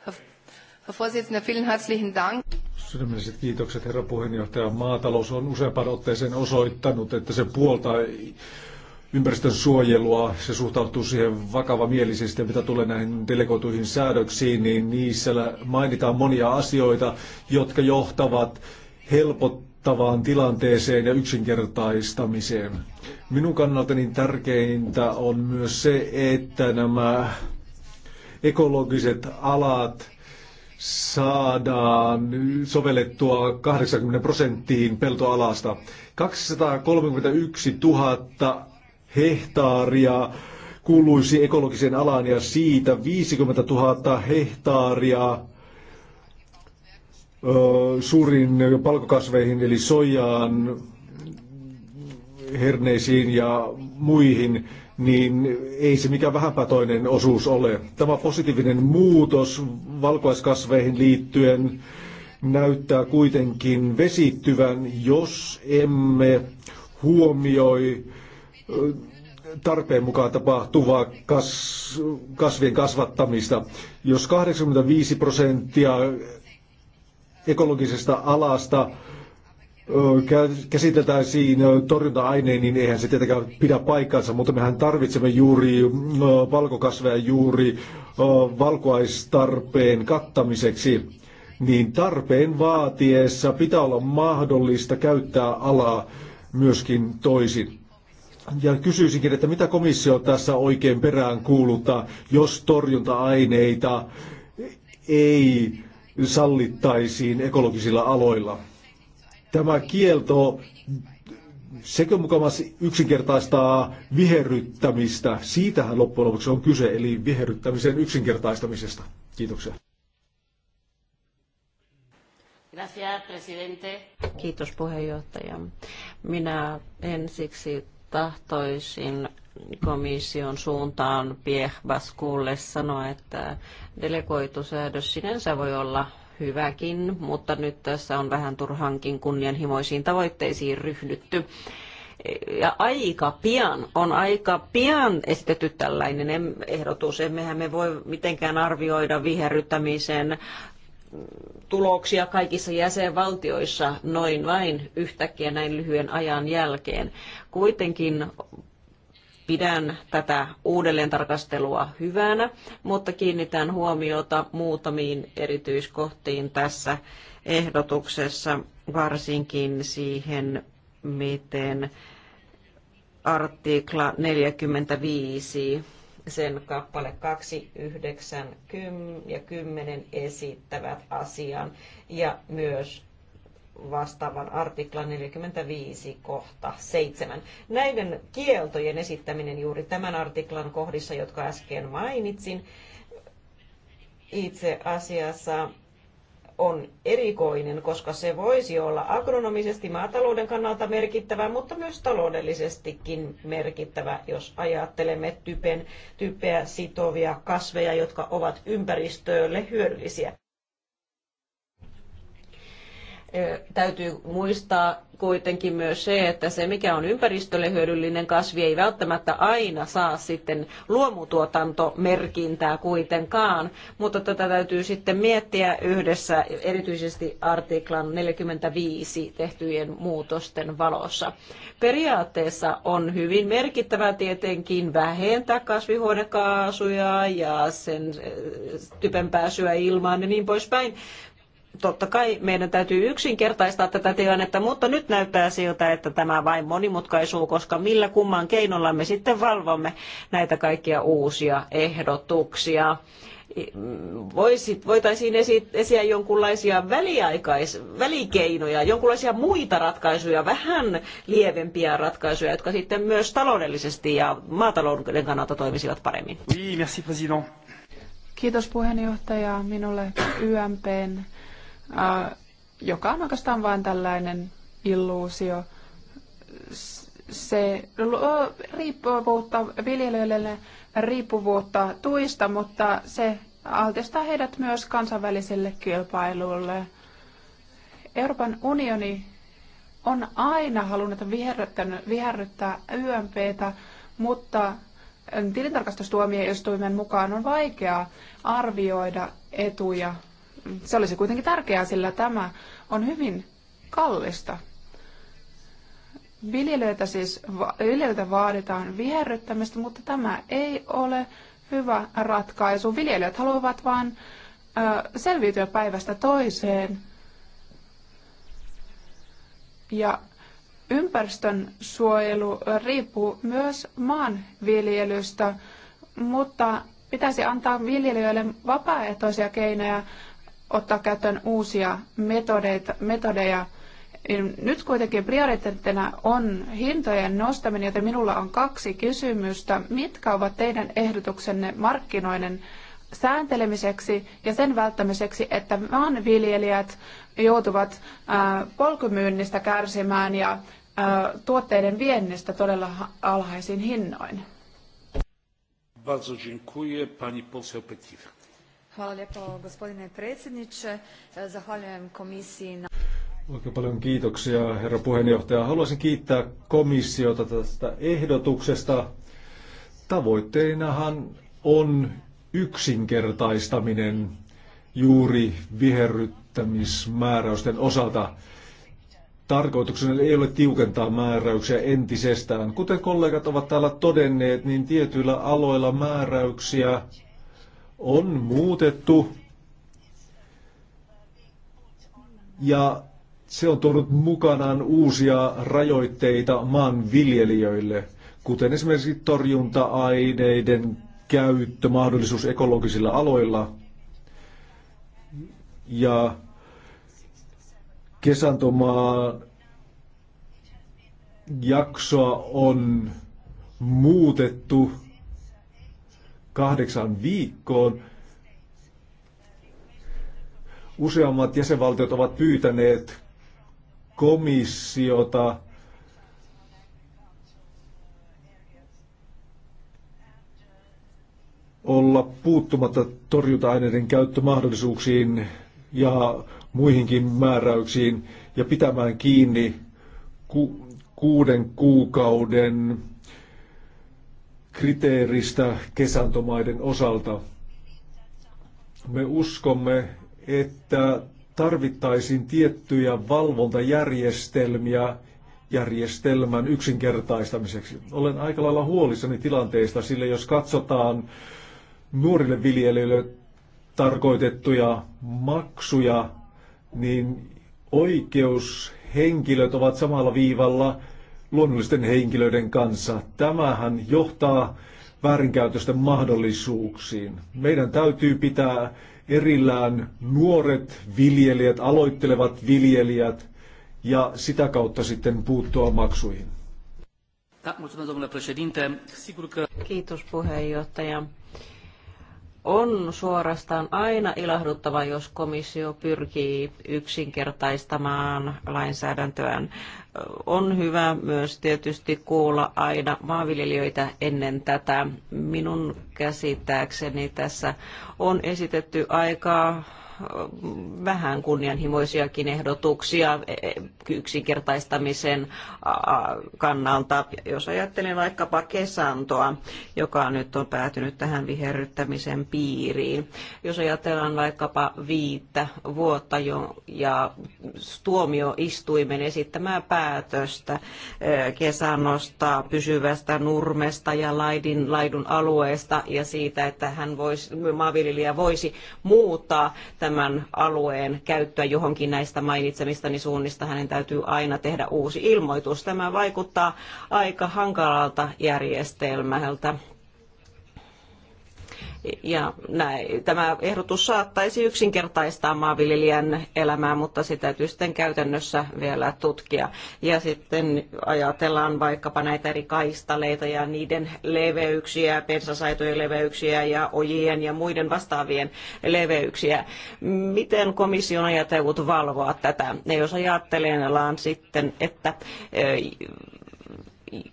Herr Vorsitzender, vielen herzlichen Dank. Sydämelliset kiitokset, herra puheenjohtaja. Maatalous on useampaan otteeseen osoittanut, että se puoltaa ympäristön suojelua, se suhtautuu siihen vakava mielisesti, mitä tulee näihin delegoituihin säädöksiin, niin niissä mainitaan monia asioita, jotka johtavat helpottavaan tilanteeseen ja yksinkertaistamiseen. Minun kannaltani tärkeintä on myös se, että nämä ekologiset alat – saadaan sovellettua 80 prosenttiin peltoalasta. 231 000 hehtaaria kuuluisi ekologisen alan ja siitä 50 000 hehtaaria suurin palkokasveihin eli sojaan, herneisiin ja muihin niin ei se mikään vähäpätoinen osuus ole. Tämä positiivinen muutos valkoiskasveihin liittyen näyttää kuitenkin vesittyvän, jos emme huomioi tarpeen mukaan tapahtuvaa kas, kasvien kasvattamista. Jos 85 prosenttia ekologisesta alasta käsitetään siinä torjunta-aineen, niin eihän se tietenkään pidä paikkaansa, mutta mehän tarvitsemme juuri valkokasveja juuri valkuaistarpeen kattamiseksi, niin tarpeen vaatiessa pitää olla mahdollista käyttää alaa myöskin toisin. Ja kysyisinkin, että mitä komissio tässä oikein perään kuuluttaa, jos torjunta-aineita ei sallittaisiin ekologisilla aloilla? Tämä kielto, sekö mukamas yksinkertaistaa viherryttämistä? Siitähän loppujen lopuksi on kyse, eli viherryttämisen yksinkertaistamisesta. Kiitoksia. Kiitos puheenjohtaja. Minä ensiksi tahtoisin komission suuntaan Piehbaskulle sanoa, että delegoitusäädös sinänsä voi olla hyväkin, mutta nyt tässä on vähän turhankin kunnianhimoisiin tavoitteisiin ryhdytty. Ja aika pian, on aika pian esitetty tällainen ehdotus. Emmehän me voi mitenkään arvioida viherryttämisen tuloksia kaikissa jäsenvaltioissa noin vain yhtäkkiä näin lyhyen ajan jälkeen. Kuitenkin Pidän tätä uudelleen tarkastelua hyvänä, mutta kiinnitän huomiota muutamiin erityiskohtiin tässä ehdotuksessa, varsinkin siihen, miten artikla 45 sen kappale 2, 9 ja 10 esittävät asian ja myös vastaavan artiklan 45 kohta 7. Näiden kieltojen esittäminen juuri tämän artiklan kohdissa, jotka äsken mainitsin, itse asiassa on erikoinen, koska se voisi olla agronomisesti maatalouden kannalta merkittävä, mutta myös taloudellisestikin merkittävä, jos ajattelemme typen, typeä sitovia kasveja, jotka ovat ympäristölle hyödyllisiä täytyy muistaa kuitenkin myös se, että se mikä on ympäristölle hyödyllinen kasvi ei välttämättä aina saa sitten luomutuotantomerkintää kuitenkaan, mutta tätä täytyy sitten miettiä yhdessä erityisesti artiklan 45 tehtyjen muutosten valossa. Periaatteessa on hyvin merkittävää tietenkin vähentää kasvihuonekaasuja ja sen pääsyä ilmaan ja niin poispäin, totta kai meidän täytyy yksinkertaistaa tätä tilannetta, mutta nyt näyttää siltä, että tämä vain monimutkaisuu, koska millä kumman keinolla me sitten valvomme näitä kaikkia uusia ehdotuksia. Voisit, voitaisiin esiä jonkinlaisia väliaikais, välikeinoja, jonkinlaisia muita ratkaisuja, vähän lievempiä ratkaisuja, jotka sitten myös taloudellisesti ja maatalouden kannalta toimisivat paremmin. Kiitos puheenjohtaja. Minulle YMPn joka on oikeastaan vain tällainen illuusio. Se riippuvuutta viljelijöille riippuvuutta tuista, mutta se altistaa heidät myös kansainväliselle kilpailulle. Euroopan unioni on aina halunnut viherryttää YMPtä, mutta tilintarkastustuomioistuimen mukaan on vaikea arvioida etuja se olisi kuitenkin tärkeää, sillä tämä on hyvin kallista. Viljelijöitä siis viljelijöitä vaaditaan viherryttämistä, mutta tämä ei ole hyvä ratkaisu. Viljelijät haluavat vain selviytyä päivästä toiseen. Ja ympäristön suojelu riippuu myös maanviljelystä, mutta pitäisi antaa viljelijöille vapaaehtoisia keinoja ottaa käyttöön uusia metodeita, metodeja. Nyt kuitenkin prioriteettina on hintojen nostaminen, joten minulla on kaksi kysymystä. Mitkä ovat teidän ehdotuksenne markkinoiden sääntelemiseksi ja sen välttämiseksi, että maanviljelijät joutuvat polkumyynnistä kärsimään ja tuotteiden viennistä todella alhaisin hinnoin? Bardzo dziękuję. Pani poseł Petir gospodine predsjedniče. E, zahvaljujem komisiji na... Oikein paljon kiitoksia herra puheenjohtaja. Haluaisin kiittää komissiota tästä ehdotuksesta. Tavoitteenahan on yksinkertaistaminen juuri viherryttämismääräysten osalta. Tarkoituksena ei ole tiukentaa määräyksiä entisestään. Kuten kollegat ovat täällä todenneet, niin tietyillä aloilla määräyksiä on muutettu ja se on tuonut mukanaan uusia rajoitteita maanviljelijöille, kuten esimerkiksi torjunta-aineiden käyttö, mahdollisuus ekologisilla aloilla ja kesantomaan jaksoa on muutettu Kahdeksan viikkoon. Useammat jäsenvaltiot ovat pyytäneet komissiota olla puuttumatta torjunta-aineiden käyttömahdollisuuksiin ja muihinkin määräyksiin ja pitämään kiinni ku, kuuden kuukauden kriteeristä kesantomaiden osalta. Me uskomme, että tarvittaisiin tiettyjä valvontajärjestelmiä järjestelmän yksinkertaistamiseksi. Olen aika lailla huolissani tilanteesta, sillä jos katsotaan nuorille viljelijöille tarkoitettuja maksuja, niin oikeushenkilöt ovat samalla viivalla luonnollisten henkilöiden kanssa. Tämähän johtaa väärinkäytösten mahdollisuuksiin. Meidän täytyy pitää erillään nuoret viljelijät, aloittelevat viljelijät ja sitä kautta sitten puuttua maksuihin. Kiitos puheenjohtaja. On suorastaan aina ilahduttava, jos komissio pyrkii yksinkertaistamaan lainsäädäntöään on hyvä myös tietysti kuulla aina maanviljelijöitä ennen tätä. Minun käsittääkseni tässä on esitetty aika vähän kunnianhimoisiakin ehdotuksia yksinkertaistamisen kannalta. Jos ajattelen vaikkapa kesantoa, joka nyt on päätynyt tähän viherryttämisen piiriin. Jos ajatellaan vaikkapa viittä vuotta jo ja tuomioistuimen esittämää päätöstä e, kesannosta, pysyvästä nurmesta ja laidin, laidun alueesta ja siitä, että hän voisi, maanviljelijä voisi muuttaa tämän tämän alueen käyttöä johonkin näistä mainitsemistani suunnista, hänen täytyy aina tehdä uusi ilmoitus. Tämä vaikuttaa aika hankalalta järjestelmältä ja näin, tämä ehdotus saattaisi yksinkertaistaa maanviljelijän elämää, mutta sitä täytyy sitten käytännössä vielä tutkia. Ja sitten ajatellaan vaikkapa näitä eri kaistaleita ja niiden leveyksiä, pensasaitojen leveyksiä ja ojien ja muiden vastaavien leveyksiä. Miten komissio on ajatellut valvoa tätä? Ne jos ajatellaan niin sitten, että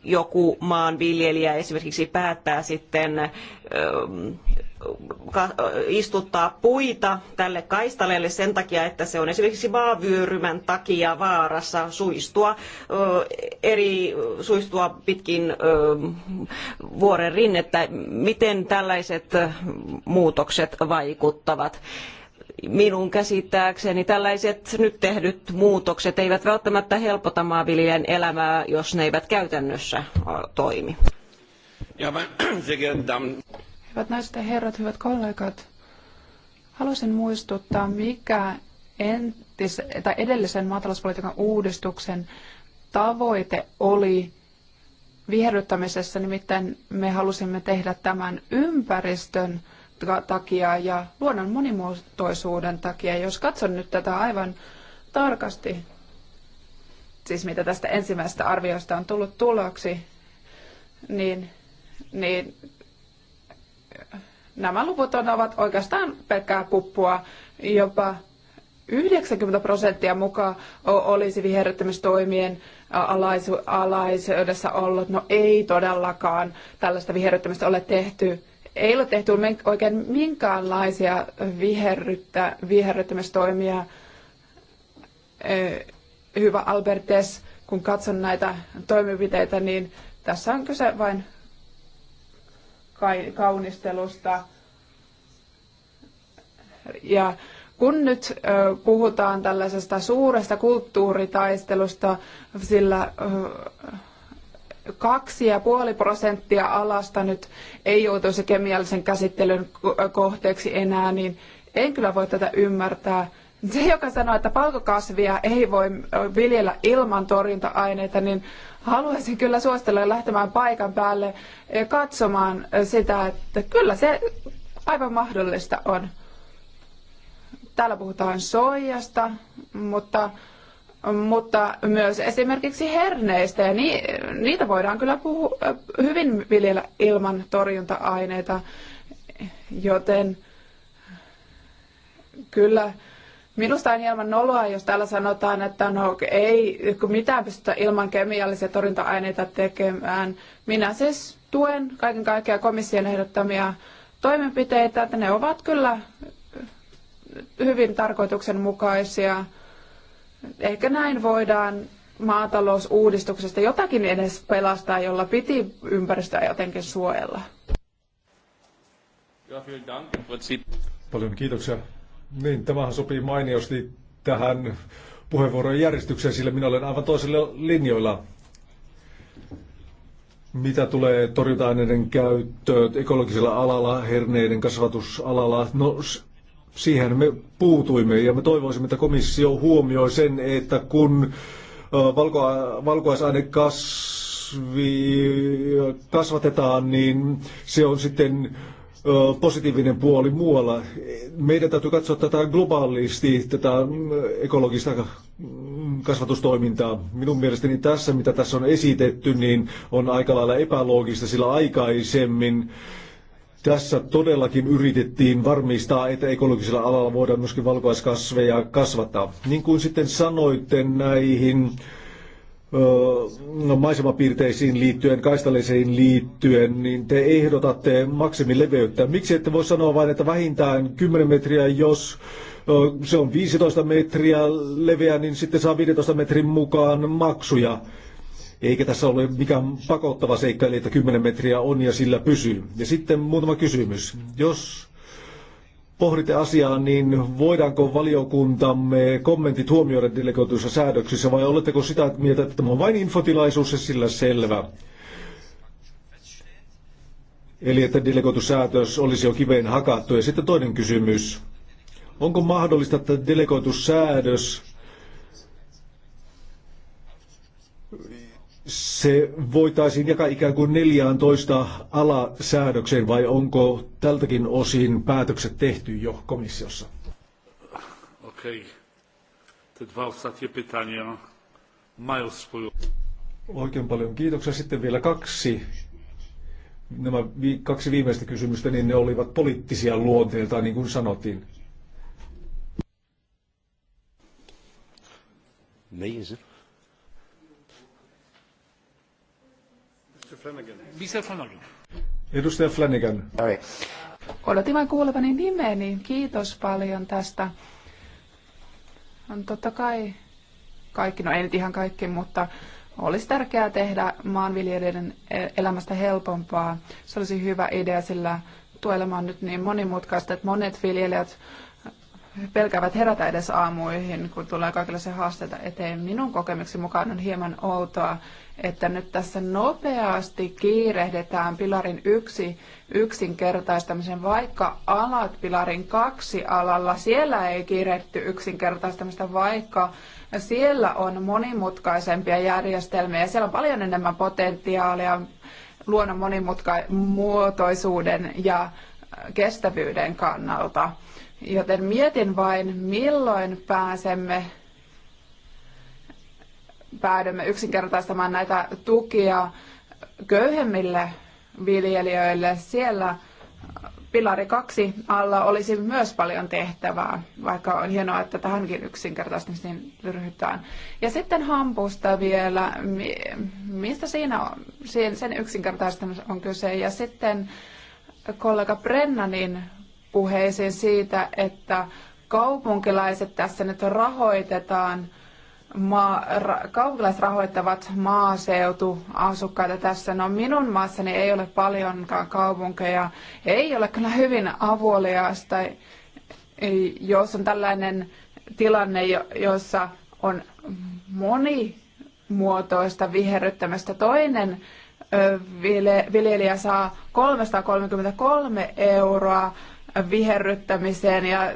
joku maanviljelijä esimerkiksi päättää sitten ähm, istuttaa puita tälle kaistaleelle sen takia, että se on esimerkiksi maavyörymän takia vaarassa suistua äh, eri suistua pitkin ähm, vuoren rinnettä. Miten tällaiset muutokset vaikuttavat? minun käsittääkseni tällaiset nyt tehdyt muutokset eivät välttämättä helpota maanviljelijän elämää, jos ne eivät käytännössä toimi. Hyvät naiset ja herrat, hyvät kollegat, haluaisin muistuttaa, mikä entis, tai edellisen maatalouspolitiikan uudistuksen tavoite oli viherryttämisessä, nimittäin me halusimme tehdä tämän ympäristön takia ja luonnon monimuotoisuuden takia. Jos katson nyt tätä aivan tarkasti, siis mitä tästä ensimmäisestä arviosta on tullut tuloksi, niin, niin nämä luvut ovat oikeastaan pelkkää kuppua. Jopa 90 prosenttia mukaan olisi viherryttämistoimien alaisuudessa ollut. No ei todellakaan tällaista viherryttämistä ole tehty ei ole tehty oikein minkäänlaisia viherryttä, viherryttämistoimia. E, hyvä Albertes, kun katson näitä toimenpiteitä, niin tässä on kyse vain kaunistelusta. Ja kun nyt puhutaan tällaisesta suuresta kulttuuritaistelusta, sillä kaksi ja puoli prosenttia alasta nyt ei joutuisi kemiallisen käsittelyn kohteeksi enää, niin en kyllä voi tätä ymmärtää. Se, joka sanoo, että palkokasvia ei voi viljellä ilman torjunta-aineita, niin haluaisin kyllä suostella lähtemään paikan päälle ja katsomaan sitä, että kyllä se aivan mahdollista on. Täällä puhutaan soijasta, mutta mutta myös esimerkiksi herneistä, ja niitä voidaan kyllä puhu, hyvin viljellä ilman torjunta-aineita, joten kyllä minusta on hieman noloa, jos täällä sanotaan, että no ei mitään pystytä ilman kemiallisia torjunta-aineita tekemään. Minä siis tuen kaiken kaikkiaan komission ehdottamia toimenpiteitä, että ne ovat kyllä hyvin tarkoituksenmukaisia. Ehkä näin voidaan maatalousuudistuksesta jotakin edes pelastaa, jolla piti ympäristöä jotenkin suojella. Paljon kiitoksia. Niin, tämähän sopii mainiosti tähän puheenvuorojen järjestykseen, sillä minä olen aivan toisella linjoilla. Mitä tulee torjunta-aineiden käyttöön ekologisella alalla, herneiden kasvatusalalla? No, siihen me puutuimme ja me toivoisimme, että komissio huomioi sen, että kun valko, valkoisaine kasvi kasvatetaan, niin se on sitten positiivinen puoli muualla. Meidän täytyy katsoa tätä globaalisti, tätä mm, ekologista kasvatustoimintaa. Minun mielestäni tässä, mitä tässä on esitetty, niin on aika lailla epäloogista, sillä aikaisemmin tässä todellakin yritettiin varmistaa, että ekologisella alalla voidaan myöskin valkuaiskasveja kasvattaa. Niin kuin sitten sanoitte näihin no, maisemapiirteisiin liittyen, kaistalliseen liittyen, niin te ehdotatte maksimileveyttä. Miksi ette voi sanoa vain, että vähintään 10 metriä, jos se on 15 metriä leveä, niin sitten saa 15 metrin mukaan maksuja. Eikä tässä ole mikään pakottava seikka, eli että 10 metriä on ja sillä pysyy. Ja sitten muutama kysymys. Jos pohditte asiaa, niin voidaanko valiokuntamme kommentit huomioida delegoituissa säädöksissä vai oletteko sitä mieltä, että tämä on vain infotilaisuus ja sillä selvä? Eli että delegoitussäätös olisi jo kiveen hakattu. Ja sitten toinen kysymys. Onko mahdollista, että delegoitussäädös se voitaisiin jakaa ikään kuin 14 alasäädökseen vai onko tältäkin osin päätökset tehty jo komissiossa? Okei. Te dwa ostatnie pytania mają Oikein paljon kiitoksia. Sitten vielä kaksi. Nämä kaksi viimeistä kysymystä, niin ne olivat poliittisia luonteelta, niin kuin sanottiin. Ne niin, Mr. Flanagan. Mr. Flanagan. Edustaja Flanagan. Sorry. Odotin vain kuulevani niin nimeni. Niin kiitos paljon tästä. On totta kai kaikki, no ei nyt ihan kaikki, mutta olisi tärkeää tehdä maanviljelijöiden e- elämästä helpompaa. Se olisi hyvä idea, sillä tuelema on nyt niin monimutkaista, että monet viljelijät pelkäävät herätä edes aamuihin, kun tulee kaikenlaisia haasteita eteen. Minun kokemuksen mukaan on hieman outoa, että nyt tässä nopeasti kiirehdetään pilarin yksi yksinkertaistamisen, vaikka alat pilarin kaksi alalla, siellä ei kiirehty yksinkertaistamista, vaikka siellä on monimutkaisempia järjestelmiä ja siellä on paljon enemmän potentiaalia luonnon monimuotoisuuden ja kestävyyden kannalta. Joten mietin vain, milloin pääsemme, päädymme yksinkertaistamaan näitä tukia köyhemmille viljelijöille. Siellä pilari kaksi alla olisi myös paljon tehtävää, vaikka on hienoa, että tähänkin yksinkertaisesti ryhdytään. Ja sitten hampusta vielä, mistä siinä on, sen yksinkertaistamisessa on kyse. Ja sitten kollega Brennanin puheisiin siitä, että kaupunkilaiset tässä nyt rahoitetaan, maa, ra, kaupunkilaiset rahoittavat maaseutuasukkaita tässä. No minun maassani ei ole paljonkaan kaupunkeja, ei ole kyllä hyvin avuoliasta, jos on tällainen tilanne, jossa on monimuotoista viherryttämistä. Toinen viljelijä saa 333 euroa viherryttämiseen ja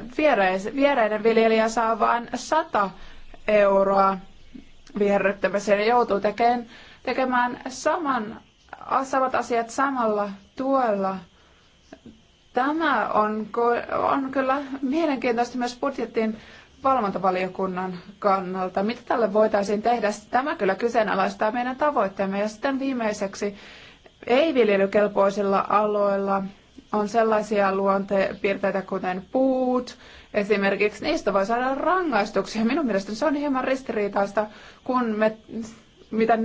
viereinen viljelijä saa vain 100 euroa viherryttämiseen ja joutuu tekemään, tekemään saman, samat asiat samalla tuella. Tämä on, on kyllä mielenkiintoista myös budjetin valvontavaliokunnan kannalta. Mitä tälle voitaisiin tehdä? Tämä kyllä kyseenalaistaa meidän tavoitteemme. Ja sitten viimeiseksi ei-viljelykelpoisilla aloilla on sellaisia luontepiirteitä kuten puut, esimerkiksi niistä voi saada rangaistuksia. Minun mielestäni se on hieman ristiriitaista, kun me mitä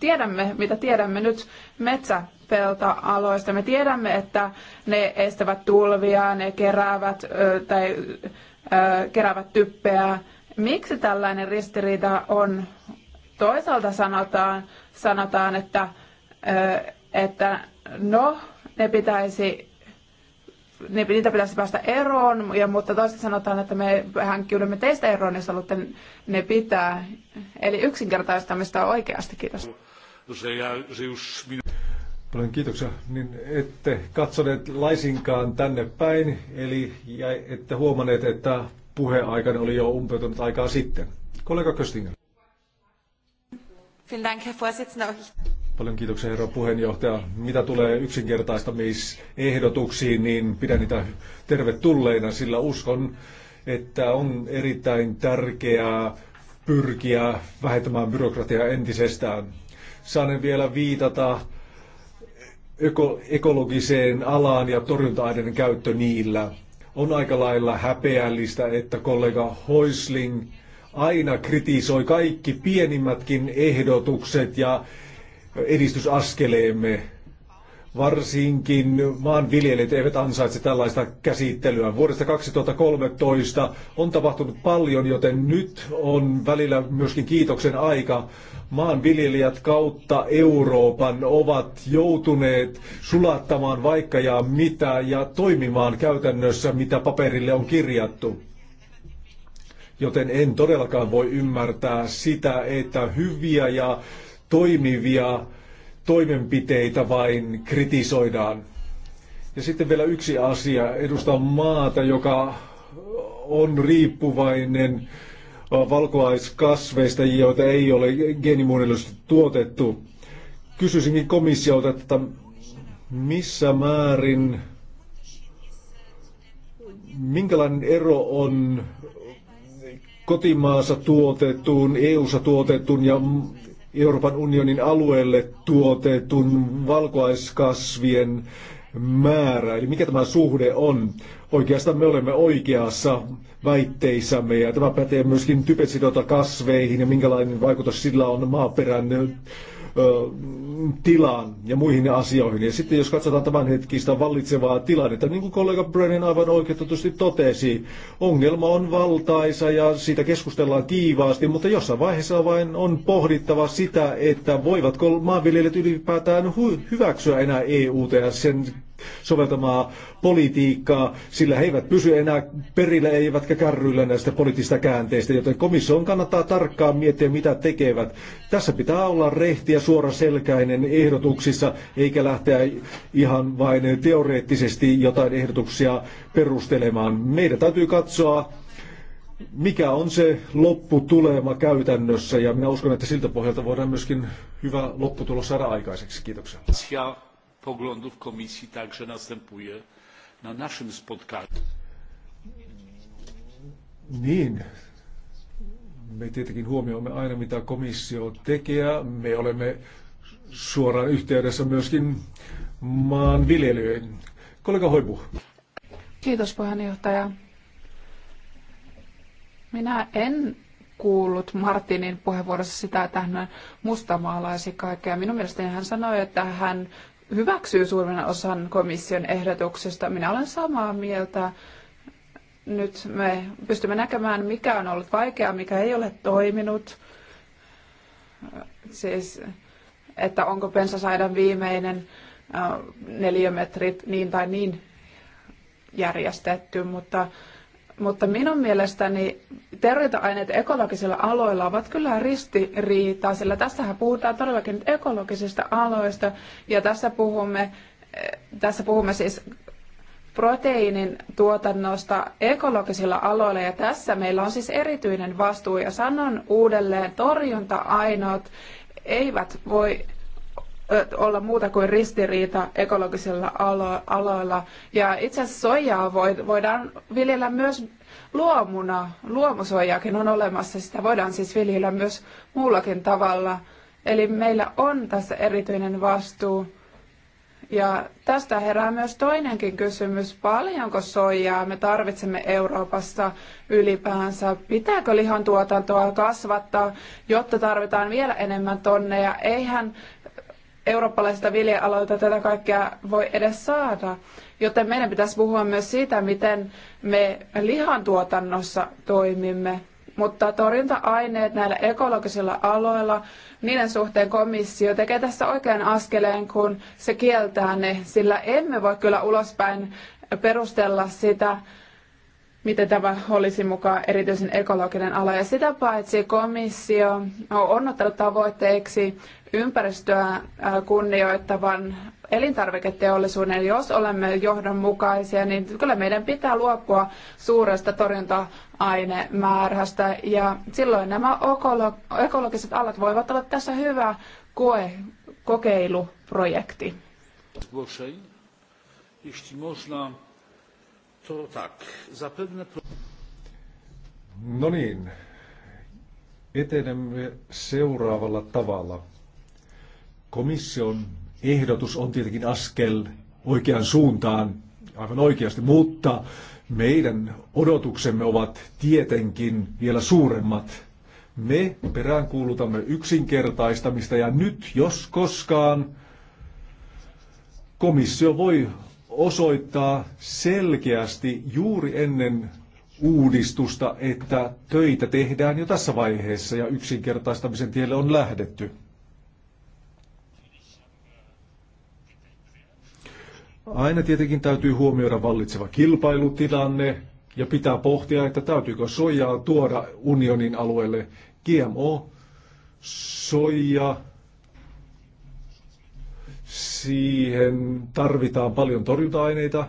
tiedämme, mitä tiedämme nyt metsäpelta-aloista. Me tiedämme, että ne estävät tulvia, ne keräävät ö, tai ö, keräävät typpeä. Miksi tällainen ristiriita on? Toisaalta sanotaan, sanotaan että, ö, että no, ne pitäisi niitä pitäisi päästä eroon, ja, mutta toiset sanotaan, että me kiudemme teistä eroon, niin jos haluatte ne pitää. Eli yksinkertaistamista on oikeasti, kiitos. Paljon kiitoksia. Niin ette katsoneet laisinkaan tänne päin, eli ette huomanneet, että puheaikani oli jo umpeutunut aikaa sitten. Kollega Köstinger. Paljon kiitoksia herra puheenjohtaja. Mitä tulee yksinkertaistamisehdotuksiin, niin pidän niitä tervetulleina, sillä uskon, että on erittäin tärkeää pyrkiä vähentämään byrokratiaa entisestään. Saanen vielä viitata öko- ekologiseen alaan ja torjunta-aineiden käyttö niillä. On aika lailla häpeällistä, että kollega Hoisling aina kritisoi kaikki pienimmätkin ehdotukset ja edistysaskeleemme. Varsinkin maanviljelijät eivät ansaitse tällaista käsittelyä. Vuodesta 2013 on tapahtunut paljon, joten nyt on välillä myöskin kiitoksen aika. Maanviljelijät kautta Euroopan ovat joutuneet sulattamaan vaikka ja mitä ja toimimaan käytännössä, mitä paperille on kirjattu. Joten en todellakaan voi ymmärtää sitä, että hyviä ja toimivia toimenpiteitä vain kritisoidaan. Ja sitten vielä yksi asia. Edustan maata, joka on riippuvainen valkoaiskasveista, joita ei ole geenimuunnellisesti tuotettu. Kysyisinkin komissiolta, että missä määrin, minkälainen ero on kotimaassa tuotettuun, EU-ssa tuotettuun ja Euroopan unionin alueelle tuotetun valkoaiskasvien määrä, eli mikä tämä suhde on. Oikeastaan me olemme oikeassa väitteissämme ja tämä pätee myöskin typesidota kasveihin ja minkälainen vaikutus sillä on maaperän tilaan ja muihin asioihin. Ja sitten jos katsotaan tämän hetkistä vallitsevaa tilannetta, niin kuin kollega Brennan aivan oikeutetusti totesi, ongelma on valtaisa ja siitä keskustellaan kiivaasti, mutta jossain vaiheessa vain on pohdittava sitä, että voivatko maanviljelijät ylipäätään hyväksyä enää EUta ja sen soveltamaa politiikkaa, sillä he eivät pysy enää perillä eivätkä kärryillä näistä poliittisista käänteistä, joten komission kannattaa tarkkaan miettiä, mitä tekevät. Tässä pitää olla rehti ja suoraselkäinen ehdotuksissa, eikä lähteä ihan vain teoreettisesti jotain ehdotuksia perustelemaan. Meidän täytyy katsoa mikä on se lopputulema käytännössä ja minä uskon, että siltä pohjalta voidaan myöskin hyvä lopputulos saada aikaiseksi. Kiitoksia poglądów komisji także następuje na naszym spotkaniu. Niin. Me tietenkin huomioimme aina, mitä komissio tekee. Me olemme suoraan yhteydessä myöskin maanviljelijöihin. Kollega Hoibu. Kiitos puheenjohtaja. Minä en kuullut Martinin puheenvuorossa sitä, että hän mustamaalaisi kaikkea. Minun mielestäni hän sanoi, että hän hyväksyy suuren osan komission ehdotuksesta. Minä olen samaa mieltä. Nyt me pystymme näkemään, mikä on ollut vaikeaa, mikä ei ole toiminut. Siis, että onko pensasaidan viimeinen äh, neliömetrit niin tai niin järjestetty, mutta mutta minun mielestäni terveitä-aineet ekologisilla aloilla ovat kyllä ristiriitaa, sillä tässähän puhutaan todellakin nyt ekologisista aloista ja tässä puhumme, eh, tässä puhumme siis proteiinin tuotannosta ekologisilla aloilla ja tässä meillä on siis erityinen vastuu ja sanon uudelleen, torjunta-aineet eivät voi olla muuta kuin ristiriita ekologisilla aloilla. Ja itse asiassa soijaa voidaan viljellä myös luomuna. Luomusoijaakin on olemassa, sitä voidaan siis viljellä myös muullakin tavalla. Eli meillä on tässä erityinen vastuu. Ja tästä herää myös toinenkin kysymys. Paljonko soijaa me tarvitsemme Euroopassa ylipäänsä? Pitääkö lihan tuotantoa kasvattaa, jotta tarvitaan vielä enemmän tonneja? Eihän eurooppalaisilta viljaloilta tätä kaikkea voi edes saada. Joten meidän pitäisi puhua myös siitä, miten me lihantuotannossa toimimme. Mutta torjunta-aineet näillä ekologisilla aloilla, niiden suhteen komissio tekee tässä oikean askeleen, kun se kieltää ne, sillä emme voi kyllä ulospäin perustella sitä, miten tämä olisi mukaan erityisen ekologinen ala. Ja sitä paitsi komissio on ottanut tavoitteeksi ympäristöä kunnioittavan elintarviketeollisuuden, jos olemme johdonmukaisia, niin kyllä meidän pitää luopua suuresta torjunta-ainemäärästä. Ja silloin nämä ekologiset alat voivat olla tässä hyvä koe, kokeiluprojekti. No niin, etenemme seuraavalla tavalla. Komission ehdotus on tietenkin askel oikeaan suuntaan, aivan oikeasti, mutta meidän odotuksemme ovat tietenkin vielä suuremmat. Me peräänkuulutamme yksinkertaistamista ja nyt, jos koskaan, komissio voi osoittaa selkeästi juuri ennen uudistusta, että töitä tehdään jo tässä vaiheessa ja yksinkertaistamisen tielle on lähdetty. Aina tietenkin täytyy huomioida vallitseva kilpailutilanne ja pitää pohtia, että täytyykö soijaa tuoda unionin alueelle. GMO, soija, siihen tarvitaan paljon torjunta-aineita,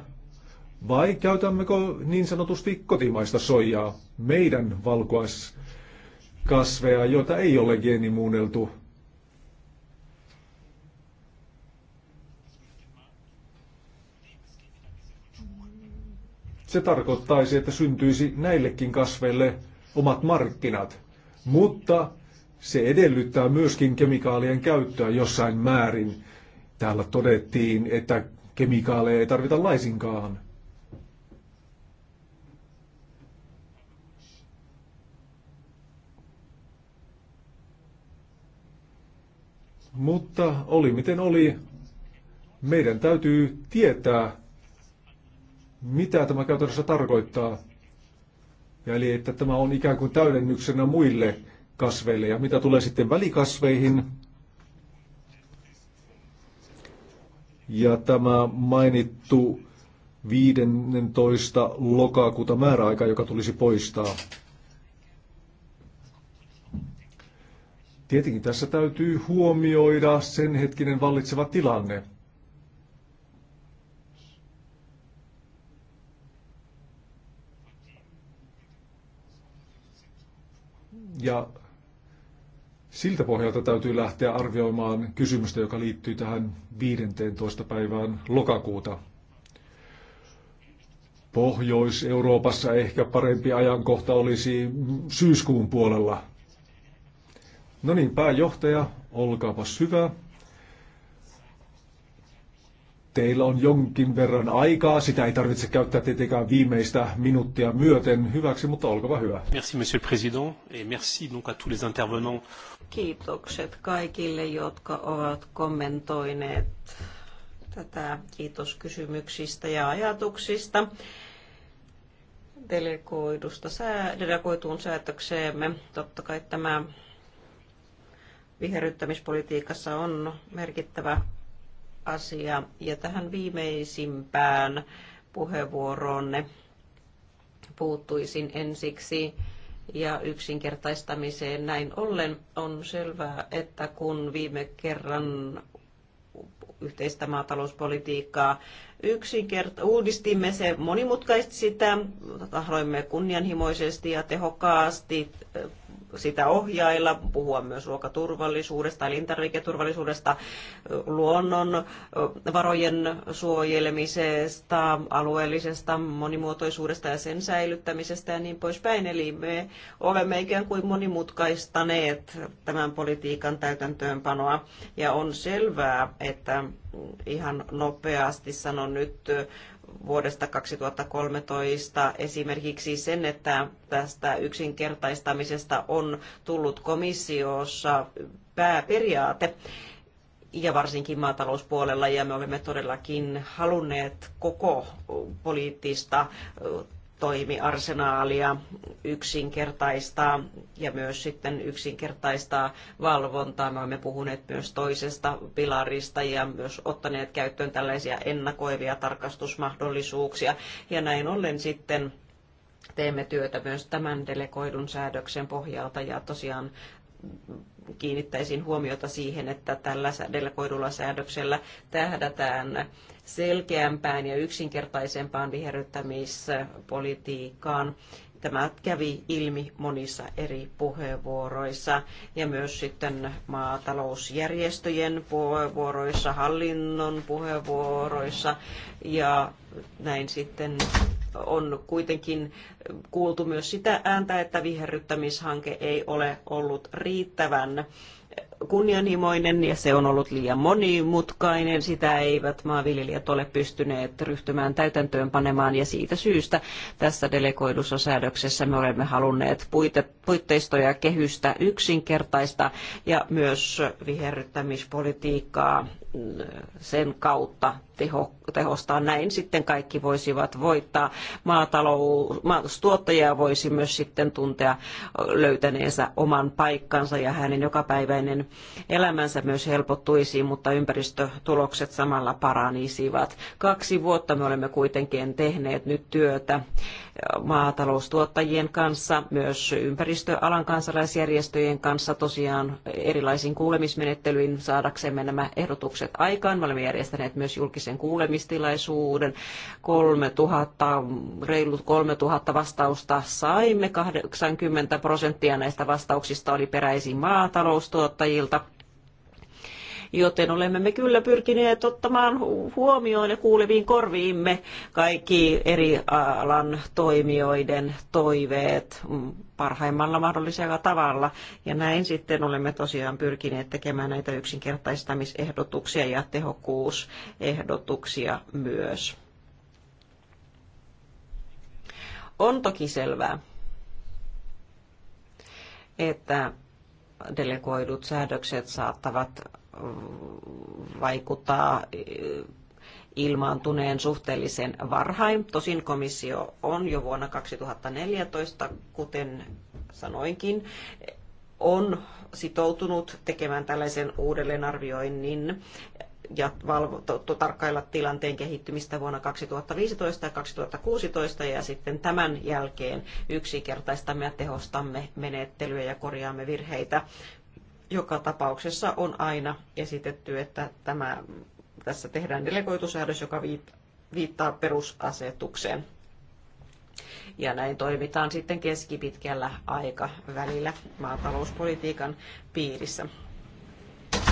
vai käytämmekö niin sanotusti kotimaista soijaa, meidän valkuaiskasveja, joita ei ole geenimuunneltu Se tarkoittaisi, että syntyisi näillekin kasveille omat markkinat. Mutta se edellyttää myöskin kemikaalien käyttöä jossain määrin. Täällä todettiin, että kemikaaleja ei tarvita laisinkaan. Mutta oli miten oli, meidän täytyy tietää, mitä tämä käytännössä tarkoittaa. Ja eli että tämä on ikään kuin täydennyksenä muille kasveille. Ja mitä tulee sitten välikasveihin, ja tämä mainittu 15. lokakuuta määräaika, joka tulisi poistaa. Tietenkin tässä täytyy huomioida sen hetkinen vallitseva tilanne – ja siltä pohjalta täytyy lähteä arvioimaan kysymystä, joka liittyy tähän 15. päivään lokakuuta. Pohjois-Euroopassa ehkä parempi ajankohta olisi syyskuun puolella. No niin, pääjohtaja, olkaapa hyvä. Teillä on jonkin verran aikaa, sitä ei tarvitse käyttää tietenkään viimeistä minuuttia myöten hyväksi, mutta olkaa hyvä. Merci monsieur le président et merci donc à tous les intervenants. Kiitokset kaikille, jotka ovat kommentoineet tätä. Kiitos kysymyksistä ja ajatuksista delegoidusta sää, delegoituun säätökseemme. Totta kai tämä viherryttämispolitiikassa on merkittävä asia. Ja tähän viimeisimpään puheenvuoroonne puuttuisin ensiksi ja yksinkertaistamiseen. Näin ollen on selvää, että kun viime kerran yhteistä maatalouspolitiikkaa yksinkert- uudistimme, se monimutkaisesti sitä, tahroimme kunnianhimoisesti ja tehokkaasti sitä ohjailla, puhua myös ruokaturvallisuudesta, elintarviketurvallisuudesta, luonnonvarojen suojelemisesta, alueellisesta monimuotoisuudesta ja sen säilyttämisestä ja niin poispäin. Eli me olemme ikään kuin monimutkaistaneet tämän politiikan täytäntöönpanoa ja on selvää, että ihan nopeasti sanon nyt vuodesta 2013 esimerkiksi sen, että tästä yksinkertaistamisesta on tullut komissiossa pääperiaate ja varsinkin maatalouspuolella, ja me olemme todellakin halunneet koko poliittista toimiarsenaalia yksinkertaistaa ja myös sitten yksinkertaistaa valvontaa. Me olemme puhuneet myös toisesta pilarista ja myös ottaneet käyttöön tällaisia ennakoivia tarkastusmahdollisuuksia. Ja näin ollen sitten teemme työtä myös tämän delegoidun säädöksen pohjalta ja tosiaan kiinnittäisin huomiota siihen, että tällä delegoidulla säädöksellä tähdätään selkeämpään ja yksinkertaisempaan viherryttämispolitiikkaan. Tämä kävi ilmi monissa eri puheenvuoroissa ja myös sitten maatalousjärjestöjen puheenvuoroissa, hallinnon puheenvuoroissa ja näin sitten on kuitenkin kuultu myös sitä ääntä, että viherryttämishanke ei ole ollut riittävän kunnianhimoinen ja se on ollut liian monimutkainen. Sitä eivät maanviljelijät ole pystyneet ryhtymään täytäntöön panemaan ja siitä syystä tässä delegoidussa säädöksessä me olemme halunneet puite, puitteistoja kehystä yksinkertaista ja myös viherryttämispolitiikkaa sen kautta teho, tehostaa. Näin sitten kaikki voisivat voittaa. Maatalous, maataloustuottajia voisi myös sitten tuntea löytäneensä oman paikkansa ja hänen jokapäiväinen elämänsä myös helpottuisi, mutta ympäristötulokset samalla paranisivat. Kaksi vuotta me olemme kuitenkin tehneet nyt työtä maataloustuottajien kanssa, myös ympäristöalan kansalaisjärjestöjen kanssa tosiaan erilaisin kuulemismenettelyin saadaksemme nämä ehdotukset aikaan. Me olemme järjestäneet myös julkisia julkisen kuulemistilaisuuden. 3000, reilut 3000 vastausta saimme, 80 prosenttia näistä vastauksista oli peräisin maataloustuottajilta joten olemme me kyllä pyrkineet ottamaan huomioon ja kuuleviin korviimme kaikki eri alan toimijoiden toiveet mm, parhaimmalla mahdollisella tavalla. Ja näin sitten olemme tosiaan pyrkineet tekemään näitä yksinkertaistamisehdotuksia ja tehokkuusehdotuksia myös. On toki selvää, että delegoidut säädökset saattavat vaikuttaa ilmaantuneen suhteellisen varhain. Tosin komissio on jo vuonna 2014, kuten sanoinkin, on sitoutunut tekemään tällaisen uudelleenarvioinnin ja valvo, to, to, tarkkailla tilanteen kehittymistä vuonna 2015 ja 2016 ja sitten tämän jälkeen yksinkertaistamme ja tehostamme menettelyä ja korjaamme virheitä joka tapauksessa on aina esitetty, että tämä, tässä tehdään delegoitusäädös, joka viittaa perusasetukseen. Ja näin toimitaan sitten keskipitkällä aikavälillä maatalouspolitiikan piirissä.